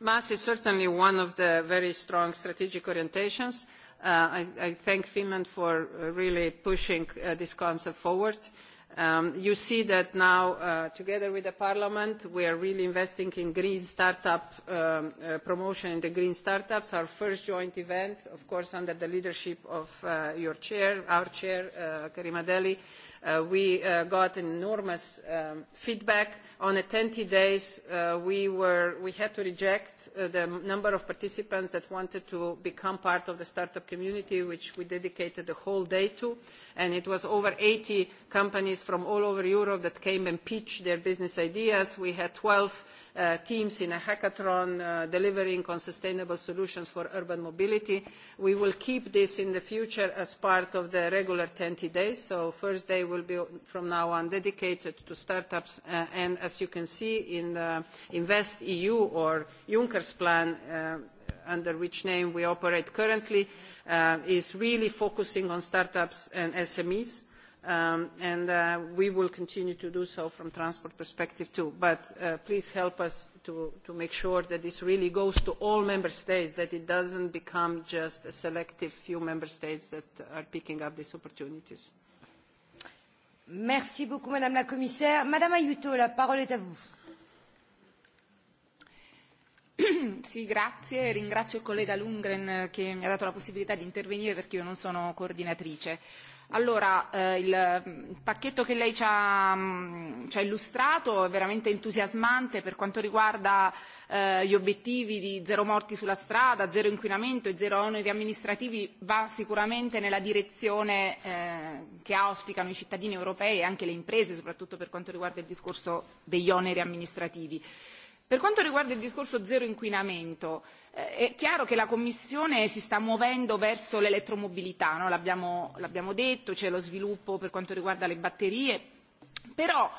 Mass is certainly one of the very strong strategic orientations I, I thank Finland for really pushing this concept forward. you see that now, together with the Parliament, we are really investing in green startup promotion in the green startups. Our first joint event, of course, under the leadership of your chair, our chair, Karima Deli, we got enormous feedback on a 20 days, we, were, we had to reject the number of participants that wanted to become part of the startup community, which we dedicated the whole day to. And it was over 80 companies from all over Europe that came and pitched their business ideas. We had 12 teams in a hackathon delivering on sustainable solutions for urban mobility. We will keep this in the future as part of the regular 20 days. So first day will be from now on dedicated to startups. and as you can see in the Invest EU or Juncker's plan, under which name we operate currently, is really focusing on startups and SMEs and we will continue to do so from transport perspective too. But please help us to make sure that this really goes to all member states, that it doesn't become just a selective few member states that are picking up these opportunities. Merci beaucoup, Madame la Commissaire. Madame Aiuto, la parole est à vous. Sì, grazie. Ringrazio il collega Lundgren che mi ha dato la possibilità di intervenire perché io non sono coordinatrice Allora, il pacchetto che lei ci ha, illustrato è veramente entusiasmante per quanto riguarda gli obiettivi di zero morti sulla strada, zero inquinamento e zero oneri amministrativi, va sicuramente nella direzione che auspicano i cittadini europei e anche le imprese, soprattutto per quanto riguarda il discorso degli oneri amministrativi Per quanto riguarda il discorso zero inquinamento, è chiaro che la Commissione si sta muovendo verso l'elettromobilità, no? l'abbiamo detto, c'è lo sviluppo per quanto riguarda le batterie, però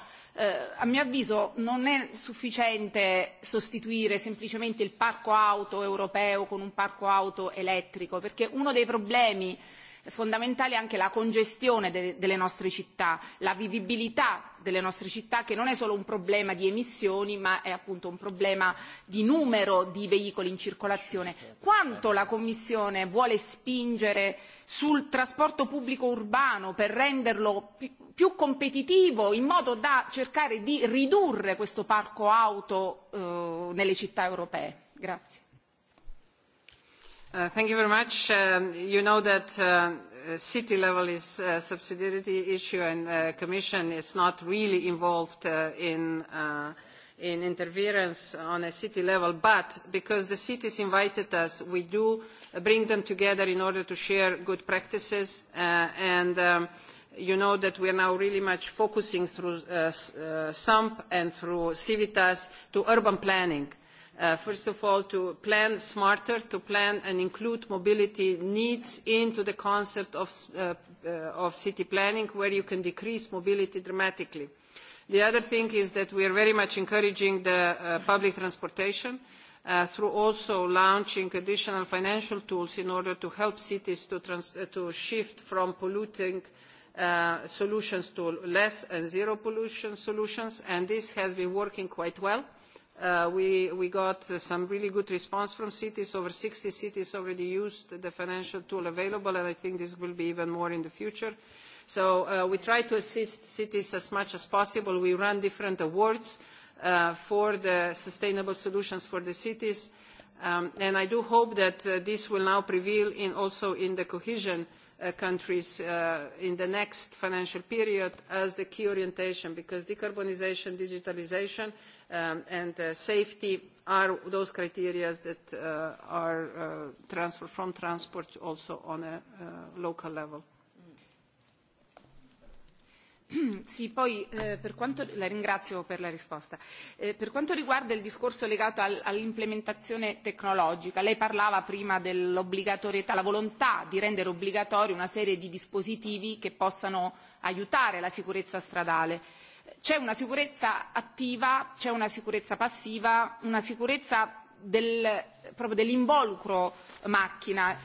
a mio avviso non è sufficiente sostituire semplicemente il parco auto europeo con un parco auto elettrico, perché uno dei problemi È fondamentale anche la congestione delle nostre città, la vivibilità delle nostre città che non è solo un problema di emissioni ma è appunto un problema di numero di veicoli in circolazione. Quanto la Commissione vuole spingere sul trasporto pubblico urbano per renderlo più competitivo in modo da cercare di ridurre questo parco auto nelle città europee? Grazie. Thank you very much. You know that city level is a subsidiarity issue, and the Commission is not really involved in interference on a city level. But because the cities invited us, we do bring them together in order to share good practices. And you know that we are now really much focusing through SUMP and through Civitas to urban planning first of all, to plan smarter, to plan and include mobility needs into the concept of, city planning, where you can decrease mobility dramatically. The other thing is that we are very much encouraging the public transportation through also launching additional financial tools in order to help cities to, shift from polluting solutions to less and zero pollution solutions, and this has been working quite well we got some really good response from cities. Over 60 cities already used the financial tool available, and I think this will be even more in the future. So we try to assist cities as much as possible. We run different awards for the sustainable solutions for the cities. And I do hope that this will now prevail also in the cohesion countries in the next financial period as the key orientation because decarbonisation, digitalisation and safety are those criteria that are transferred from transport also on a local level. Sì, poi per quanto, la ringrazio per la risposta. per quanto riguarda il discorso legato all'implementazione tecnologica, lei parlava prima dell'obbligatorietà, la volontà di rendere obbligatorio una serie di dispositivi che possano aiutare la sicurezza stradale. C'è una sicurezza attiva, c'è una sicurezza passiva, una sicurezza del, proprio dell'involucro macchina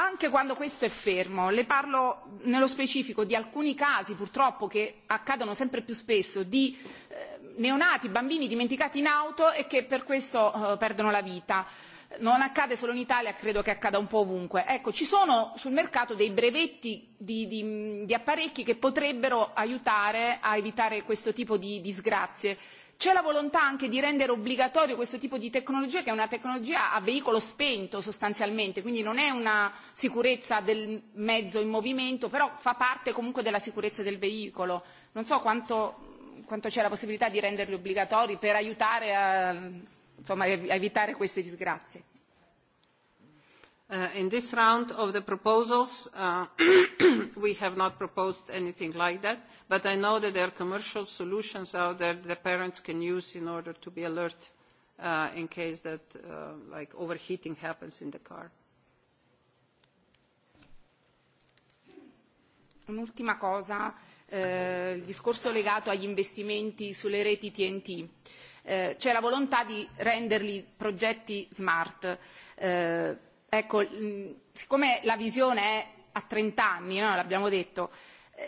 anche quando questo è fermo, le parlo nello specifico di alcuni casi purtroppo che accadono sempre più spesso di neonati, bambini dimenticati in auto e che per questo perdono la vita. Non accade solo in Italia, credo che accada un po' ovunque. Ecco, ci sono sul mercato dei brevetti di, apparecchi che potrebbero aiutare a evitare questo tipo di disgrazie C'è la volontà anche di rendere obbligatorio questo tipo di tecnologia, che è una tecnologia a veicolo spento sostanzialmente, quindi non è una sicurezza del mezzo in movimento, però fa parte comunque della sicurezza del veicolo. Non so quanto, quanto c'è la possibilità di renderli obbligatori per aiutare a, insomma, a evitare queste disgrazie in this round of the proposals, we have not proposed anything like that, but I know that there are commercial solutions out there that parents can use in order to be alert in case that like overheating happens in the car. Un'ultima cosa, il discorso legato agli investimenti sulle reti T c'è la volontà di renderli progetti smart. Ecco, siccome la visione è a 30 anni, no? l'abbiamo detto,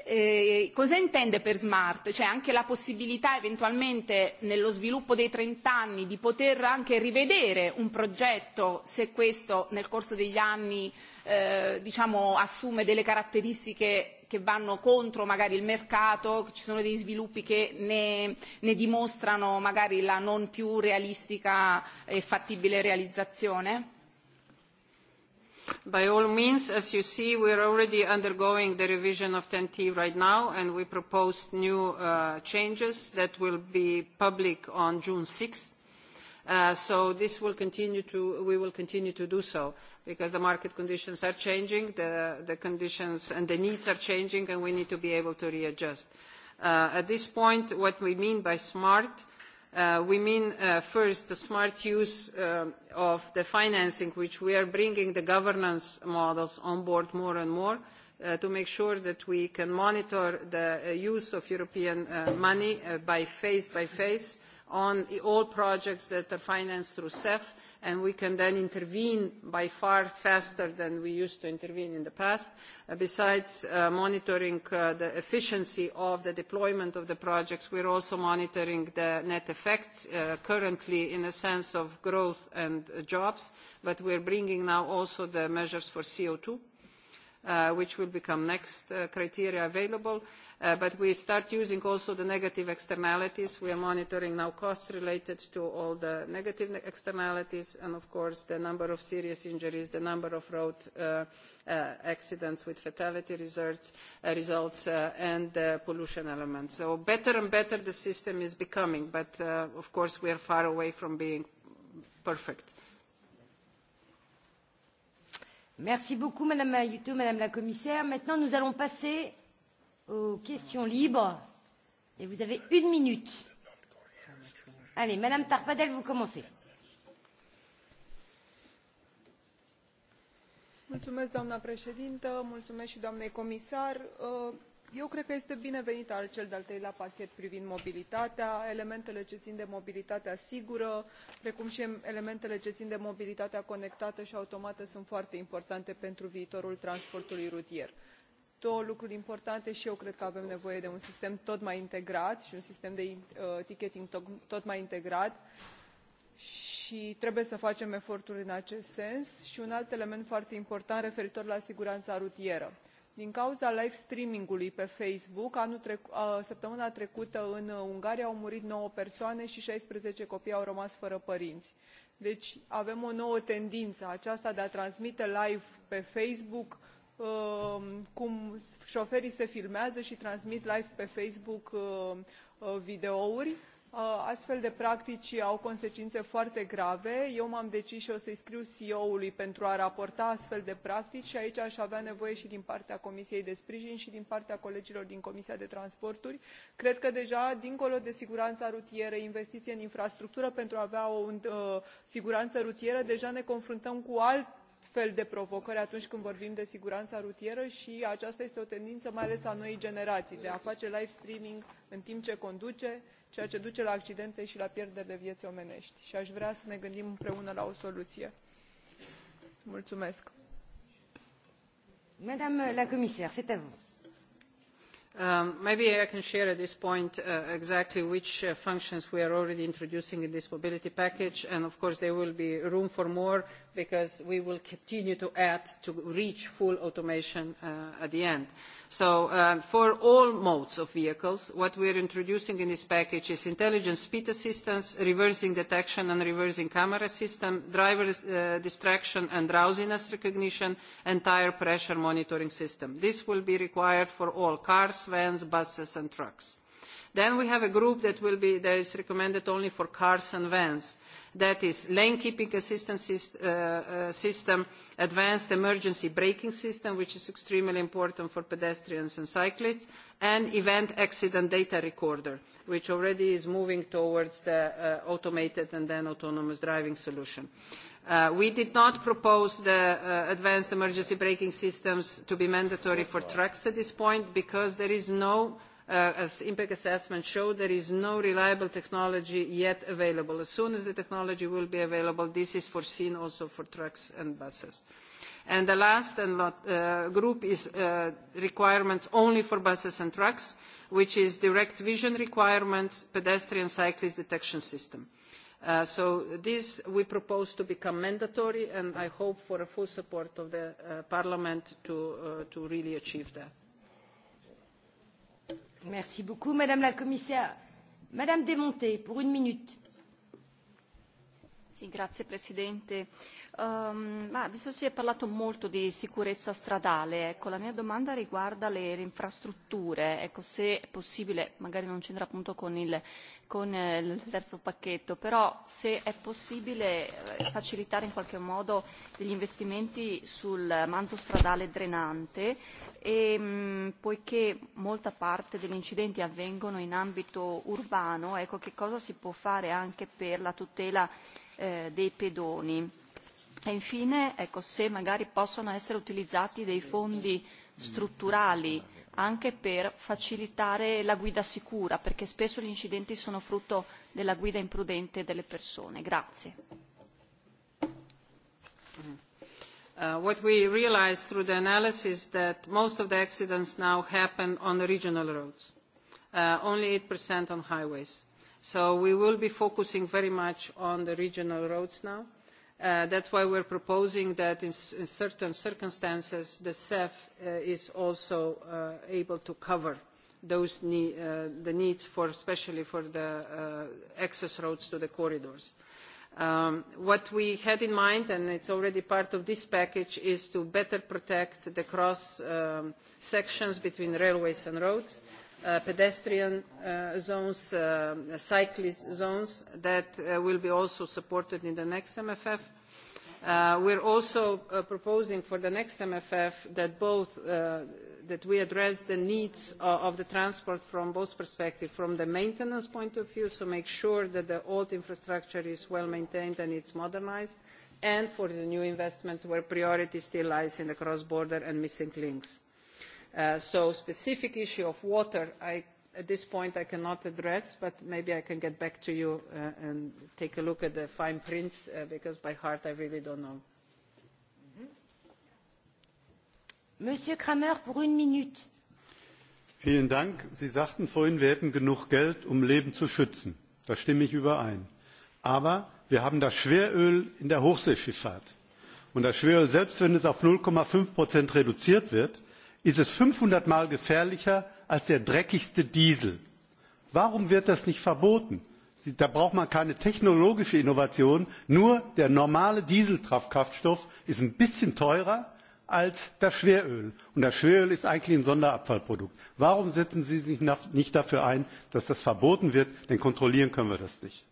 eh, cosa intende per smart? Cioè anche la possibilità eventualmente nello sviluppo dei 30 anni di poter anche rivedere un progetto se questo nel corso degli anni eh, diciamo, assume delle caratteristiche che vanno contro magari il mercato, ci sono dei sviluppi che ne, ne dimostrano magari la non più realistica e fattibile realizzazione? By all means, as you see, we are already undergoing the revision of TEN t right now, and we proposed new changes that will be public on June 6th. So this will continue to, we will continue to do so because the market conditions are changing, the conditions and the needs are changing, and we need to be able to readjust. At this point, what we mean by smart we mean first the smart use of the financing, which we are bringing the governance models on board more and more to make sure that we can monitor the use of European money by phase by phase on all projects that are financed through CEF, and we can then intervene by far faster than we used to intervene in the past, besides monitoring the efficiency of the deployment of the projects, we are also monitoring the net effects currently in a sense of growth and jobs, but we are bringing now also the measures for co two which will become next criteria available but we start using also the negative externalities. We are monitoring now costs related to all the negative externalities and, of course, the number of serious injuries, the number of road accidents with fatality results, and the pollution element. So better and better the system is becoming, but, of course, we are far away from being perfect. Merci beaucoup, Madame Madame la Commissaire. Maintenant, nous allons passer aux questions libres. Et vous avez une minute. Allez, Madame Tarpadel, vous commencez. Mulțumesc, doamna președintă, mulțumesc și doamnei comisar. Eu cred că este binevenit al cel de-al treilea pachet privind mobilitatea, elementele ce țin de mobilitatea sigură, precum și elementele ce țin de mobilitatea conectată și automată sunt foarte importante pentru viitorul transportului rutier două lucruri importante și eu cred că avem nevoie de un sistem tot mai integrat și un sistem de ticketing tot mai integrat și trebuie să facem eforturi în acest sens și un alt element foarte important referitor la siguranța rutieră. Din cauza live streaming-ului pe Facebook, anul trecu săptămâna trecută în Ungaria au murit 9 persoane și 16 copii au rămas fără părinți. Deci avem o nouă tendință aceasta de a transmite live pe Facebook cum șoferii se filmează și transmit live pe Facebook videouri. Astfel de practici au consecințe foarte grave. Eu m-am decis și o să-i scriu CEO-ului pentru a raporta astfel de practici și aici aș avea nevoie și din partea Comisiei de Sprijin și din partea colegilor din Comisia de Transporturi. Cred că deja, dincolo de siguranța rutieră, investiție în infrastructură pentru a avea o siguranță rutieră, deja ne confruntăm cu alt fel de provocări atunci când vorbim de siguranța rutieră și aceasta este o tendință mai ales a noii generații de a face live streaming în timp ce conduce, ceea ce duce la accidente și la pierderi de vieți omenești. Și aș vrea să ne gândim împreună la o soluție. Mulțumesc. Madame la commissaire, c'est à vous. Maybe I can share at this point exactly which functions we are already introducing in this mobility package, and of course, there will be room for more because we will continue to add to reach full automation at the end. So for all modes of vehicles, what we are introducing in this package is intelligent speed assistance, reversing detection and reversing camera system, driver distraction and drowsiness recognition, and tire pressure monitoring system. This will be required for all cars, vans, buses, and trucks Then we have a group that is recommended only for cars and vans. That is lane keeping assistance system, advanced emergency braking system, which is extremely important for pedestrians and cyclists, and event accident data recorder, which already is moving towards the automated and then autonomous driving solution. We did not propose the advanced emergency braking systems to be mandatory for trucks at this point because there is no as impact assessments show, there is no reliable technology yet available. As soon as the technology will be available, this is foreseen also for trucks and buses. And the last and not, uh, group is uh, requirements only for buses and trucks, which is direct vision requirements, pedestrian cyclist detection system. Uh, so this we propose to become mandatory, and I hope for a full support of the uh, Parliament to, uh, to really achieve that. Madame la Commissaire. Madame Demonté, pour une minute. Signor Presidente, visto si è parlato molto di sicurezza stradale, la mia domanda riguarda le infrastrutture, se è possibile, magari non c'entra appunto con il, terzo pacchetto, però se è possibile facilitare in qualche modo gli investimenti sul manto stradale drenante e poiché molta parte degli incidenti avvengono in ambito urbano, ecco che cosa si può fare anche per la tutela eh, dei pedoni. E infine, ecco, se magari possono essere utilizzati dei fondi strutturali anche per facilitare la guida sicura, perché spesso gli incidenti sono frutto della guida imprudente delle persone. Grazie. what we realised through the analysis is that most of the accidents now happen on the regional roads, only 8% on highways. So we will be focusing very much on the regional roads now. That's why we're proposing that in certain circumstances, the CEF is also able to cover those the needs for, especially for the access roads to the corridors. What we had in mind, and it's already part of this package, is to better protect the cross sections between railways and roads, pedestrian zones, cyclist zones that will be also supported in the next MFF. We're also proposing for the next MFF that both that we address the needs of the transport from both perspectives, from the maintenance point of view, so make sure that the old infrastructure is well maintained and it's modernised, and for the new investments where priority still lies in the cross-border and missing links. So specific issue of water, I, at this point I cannot address, but maybe I can get back to you and take a look at the fine prints, because by heart I really don't know. Monsieur Kramer pour une minute. Vielen Dank. Sie sagten vorhin, wir hätten genug Geld, um Leben zu schützen. Da stimme ich überein. Aber wir haben das Schweröl in der Hochseeschifffahrt. Und das Schweröl, selbst wenn es auf 0,5 Prozent reduziert wird, ist es 500 Mal gefährlicher als der dreckigste Diesel. Warum wird das nicht verboten? Da braucht man keine technologische Innovation. Nur der normale Dieselkraftstoff ist ein bisschen teurer als das Schweröl. Und das Schweröl ist eigentlich ein Sonderabfallprodukt. Warum setzen Sie sich nicht dafür ein, dass das verboten wird? Denn kontrollieren können wir das nicht.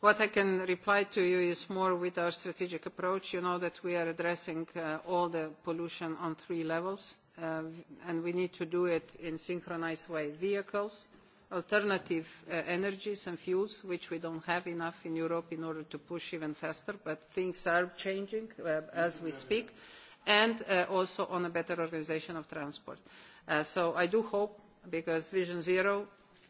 What I can reply to you is more with our strategic approach. You know that we are addressing all the pollution on three levels, and we need to do it in synchronised way. Vehicles, alternative energies and fuels, which we don't have enough in Europe in order to push even faster, but things are changing as we speak, and also on a better organisation of transport. So I do hope, because Vision Zero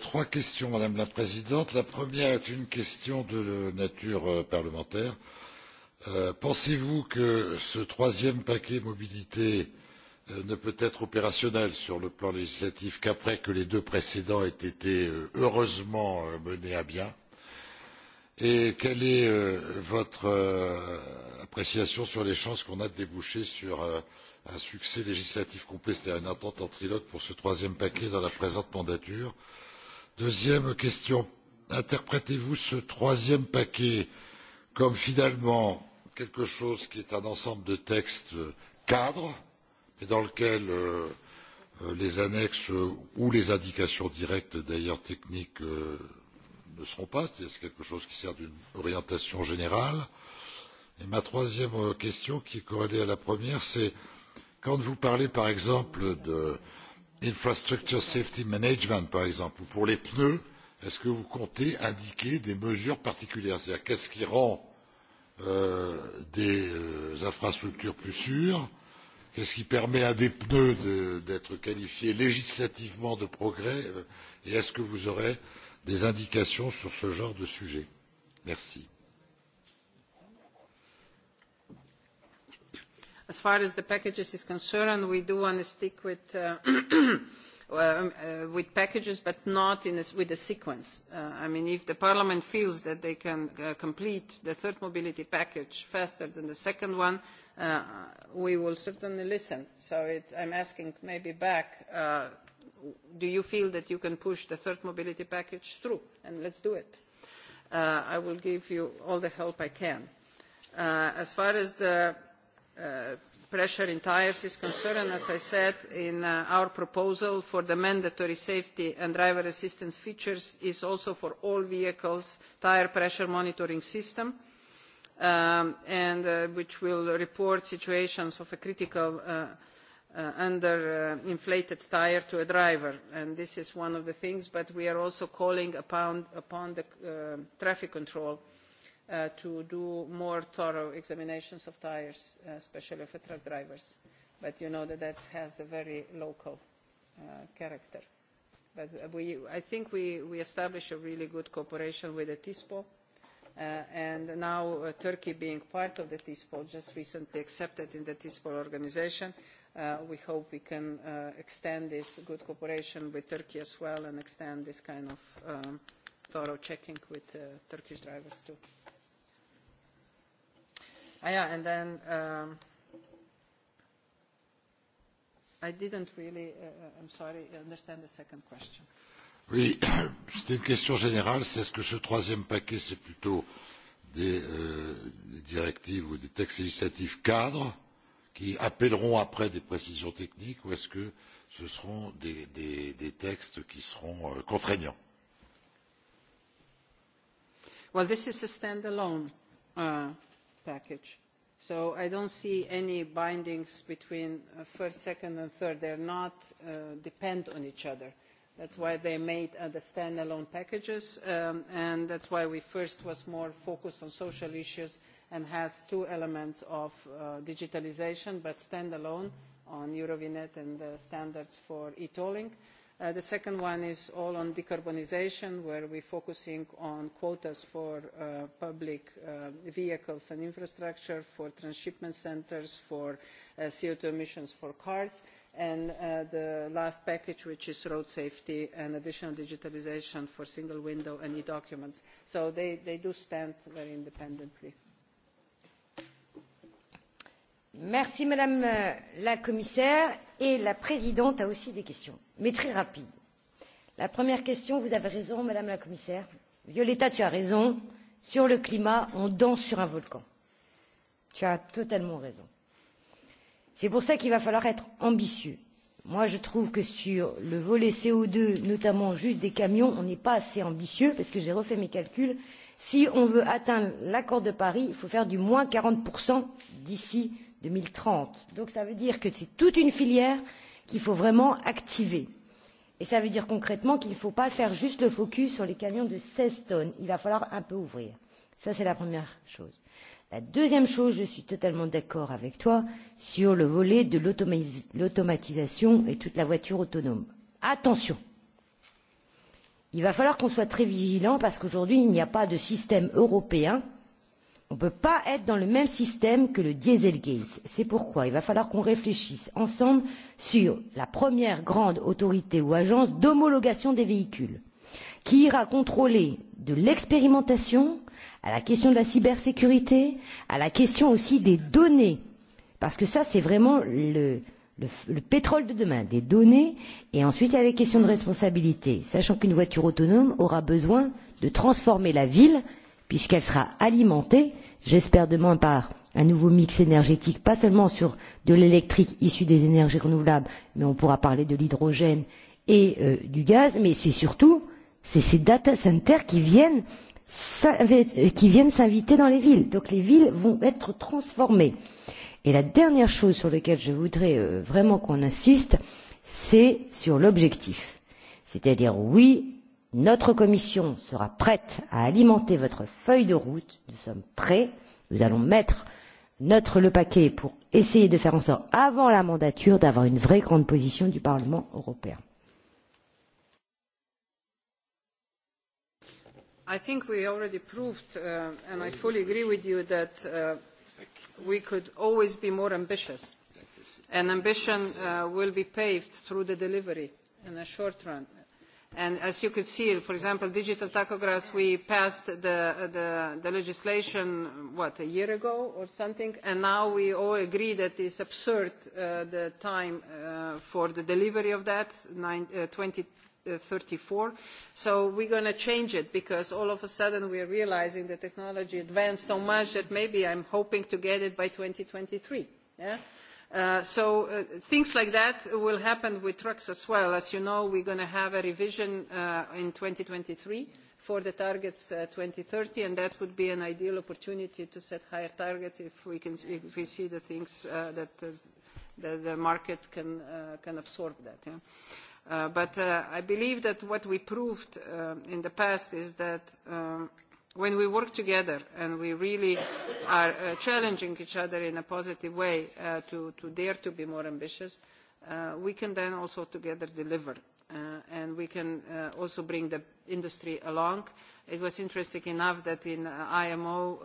trois questions, Madame la Présidente. La première est une question de nature parlementaire. Pensez-vous que ce troisième paquet mobilité ne peut être opérationnel sur le plan législatif qu'après que les deux précédents aient été heureusement menés à bien Et quelle est votre appréciation sur les chances qu'on a de déboucher sur euh, un succès législatif complet, c'est-à-dire une attente en trilogue pour ce troisième paquet dans la présente mandature. Deuxième question, interprétez-vous ce troisième paquet comme finalement quelque chose qui est un ensemble de textes cadres, mais dans lequel les annexes ou les indications directes d'ailleurs techniques ne seront pas, c'est-à-dire quelque chose qui sert d'une orientation générale. Et ma troisième question, qui est corrélée à la première, c'est Quand vous parlez par exemple de infrastructure safety management, par exemple, ou pour les pneus, est-ce que vous comptez indiquer des mesures particulières C'est-à-dire qu'est-ce qui rend des infrastructures plus sûres Qu'est-ce qui permet à des pneus d'être qualifiés législativement de progrès Et est-ce que vous aurez des indications sur ce genre de sujet Merci. As far as the packages is concerned, we do want to stick with with packages, but not in a, with a sequence. I mean, if the Parliament feels that they can complete the third mobility package faster than the second one, we will certainly listen. So it, I'm asking maybe back, do you feel that you can push the third mobility package through? And let's do it. I will give you all the help I can. as far as the pressure in tyres is concerned, as I said in our proposal for the mandatory safety and driver assistance features is also for all vehicles tyre pressure monitoring system, and which will report situations of a critical under inflated tyre to a driver. And this is one of the things, but we are also calling upon, the traffic control to do more thorough examinations of tires, especially for truck drivers. But you know that that has a very local character. But we, I think we, we established a really good cooperation with the TISPO, and now Turkey being part of the TISPO, just recently accepted in the TISPO organization, we hope we can extend this good cooperation with Turkey as well and extend this kind of thorough checking with Turkish drivers too. Ah, Yeah, and then um, I didn't really, uh, I'm sorry, understand the second question. Oui, c'était une question générale. C'est ce que ce troisième paquet, c'est plutôt des, euh, des directives ou des textes législatifs cadres qui appelleront après des précisions techniques ou est-ce que ce seront des, des, des textes qui seront euh, contraignants Well, this is a stand-alone package. So I don't see any bindings between first, second, and third. They are not depend on each other. That's why they made the standalone packages, and that's why we first was more focused on social issues and has two elements of digitalisation, but standalone on Eurovinet and the standards for e-tolling The second one is all on decarbonisation, where we're focusing on quotas for public vehicles and infrastructure, for transshipment centres, for co two emissions for cars, and the last package, which is road safety and additional digitalisation for single window and e-documents. So they, do stand very independently. Merci Madame la Commissaire la Présidente a aussi des questions mais très rapide. La première question, vous avez raison, Madame la Commissaire. Violeta tu as raison. Sur le climat, on danse sur un volcan. Tu as totalement raison. C'est pour cela qu'il va falloir être ambitieux. Moi, je trouve que sur le volet co deux, notamment juste des camions, on n'est pas assez ambitieux parce que j'ai refait mes calculs. Si on veut atteindre l'accord de Paris, il faut faire du moins quarante d'ici deux mille trente. Donc, cela veut dire que c'est toute une filière qu'il faut vraiment activer. Et ça veut dire concrètement qu'il ne faut pas faire juste le focus sur les camions de 16 tonnes. Il va falloir un peu ouvrir. Ça, c'est la première chose. La deuxième chose, je suis totalement d'accord avec toi sur le volet de l'automatisation et toute la voiture autonome. Attention Il va falloir qu'on soit très vigilant parce qu'aujourd'hui, il n'y a pas de système européen On ne peut pas être dans le même système que le Dieselgate. C'est pourquoi il va falloir qu'on réfléchisse ensemble sur la première grande autorité ou agence d'homologation des véhicules, qui ira contrôler de l'expérimentation à la question de la cybersécurité, à la question aussi des données. Parce que ça, c'est vraiment le, le, le pétrole de demain, des données, et ensuite il y a les questions de responsabilité, sachant qu'une voiture autonome aura besoin de transformer la ville puisqu'elle sera alimentée, j'espère demain par un nouveau mix énergétique, pas seulement sur de l'électrique issu des énergies renouvelables, mais on pourra parler de l'hydrogène et du gaz, mais c'est surtout c'est ces data centers qui viennent qui viennent s'inviter dans les villes. Donc les villes vont être transformées. Et la dernière chose sur laquelle je voudrais vraiment qu'on insiste, c'est sur l'objectif. C'est-à-dire, oui, Notre commission sera prête à alimenter votre feuille de route. Nous sommes prêts. Nous allons mettre notre le paquet pour essayer de faire en sorte, avant la mandature, d'avoir une vraie grande position du Parlement européen. I think we already proved, uh, and I fully agree with you, that uh, we could always be more ambitious. And ambition uh, will be paved through the delivery in the short run And as you could see, for example, digital tachographs, we passed the, the, the legislation, what, a year ago or something, and now we all agree that it's absurd the time for the delivery of that, nine, thirty 2034. So we're going to change it because all of a sudden we are realizing the technology advanced so much that maybe I'm hoping to get it by 2023. Yeah? So things like that will happen with trucks as well. As you know, we're going to have a revision in 2023 for the targets 2030, and that would be an ideal opportunity to set higher targets if we can if we see the things that the market can absorb that. But I believe that what we proved in the past is that when we work together and we really are uh, challenging each other in a positive way uh, to, to dare to be more ambitious, uh, we can then also together deliver. Uh, and we can uh, also bring the industry along. It was interesting enough that in uh, IMO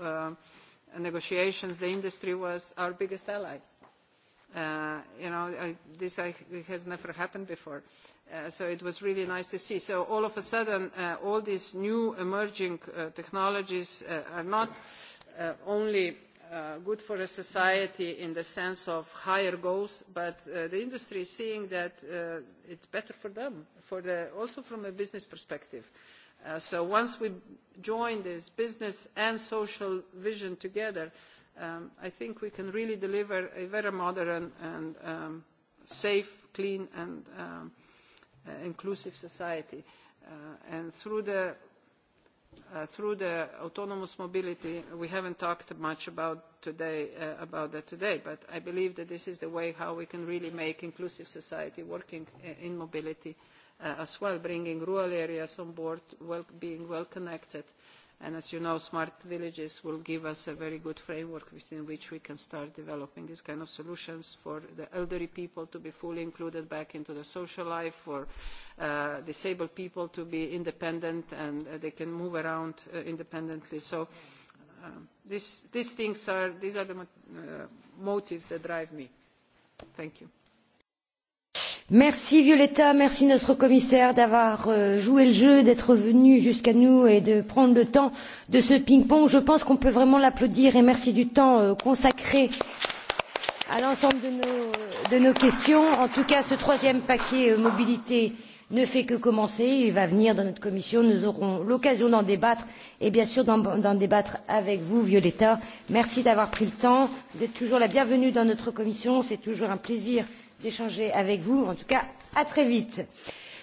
uh, negotiations, the industry was our biggest ally you know, this has never happened before. so it was really nice to see. So all of a sudden, all these new emerging technologies are not only good for a society in the sense of higher goals, but the industry is seeing that it's better for them, for the, also from a business perspective. so once we join this business and social vision together, uh, um, I think we can really deliver a very modern and um, safe, clean and um, uh, inclusive society. Uh, and through the uh, through the autonomous mobility, we haven't talked much about today uh, about that today, but I believe that this is the way how we can really make inclusive society working in mobility uh, as well, bringing rural areas on board, well, being well connected, And as you know, smart villages will give us a very good framework within which we can start developing these kind of solutions for the elderly people to be fully included back into the social life, for disabled people to be independent and they can move around independently. So these things are, these are the motives that drive me. Thank you. Merci Violetta, merci notre commissaire d'avoir joué le jeu, d'être venu jusqu'à nous et de prendre le temps de ce ping-pong. Je pense qu'on peut vraiment l'applaudir et merci du temps consacré à l'ensemble de nos, questions. En tout cas, ce troisième paquet mobilité ne fait que commencer. Il va venir dans notre commission. Nous aurons l'occasion d'en débattre et bien sûr d'en débattre avec vous, Violetta. Merci d'avoir pris le temps. Vous êtes toujours la bienvenue dans notre commission. C'est toujours un plaisir de d'échanger avec vous, en tout cas à très vite.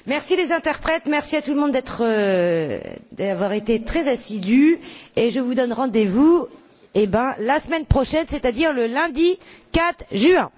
Merci les interprètes, merci à tout le monde d'avoir été très assidus et je vous donne rendez-vous la semaine prochaine, c'est-à-dire le lundi quatre juin.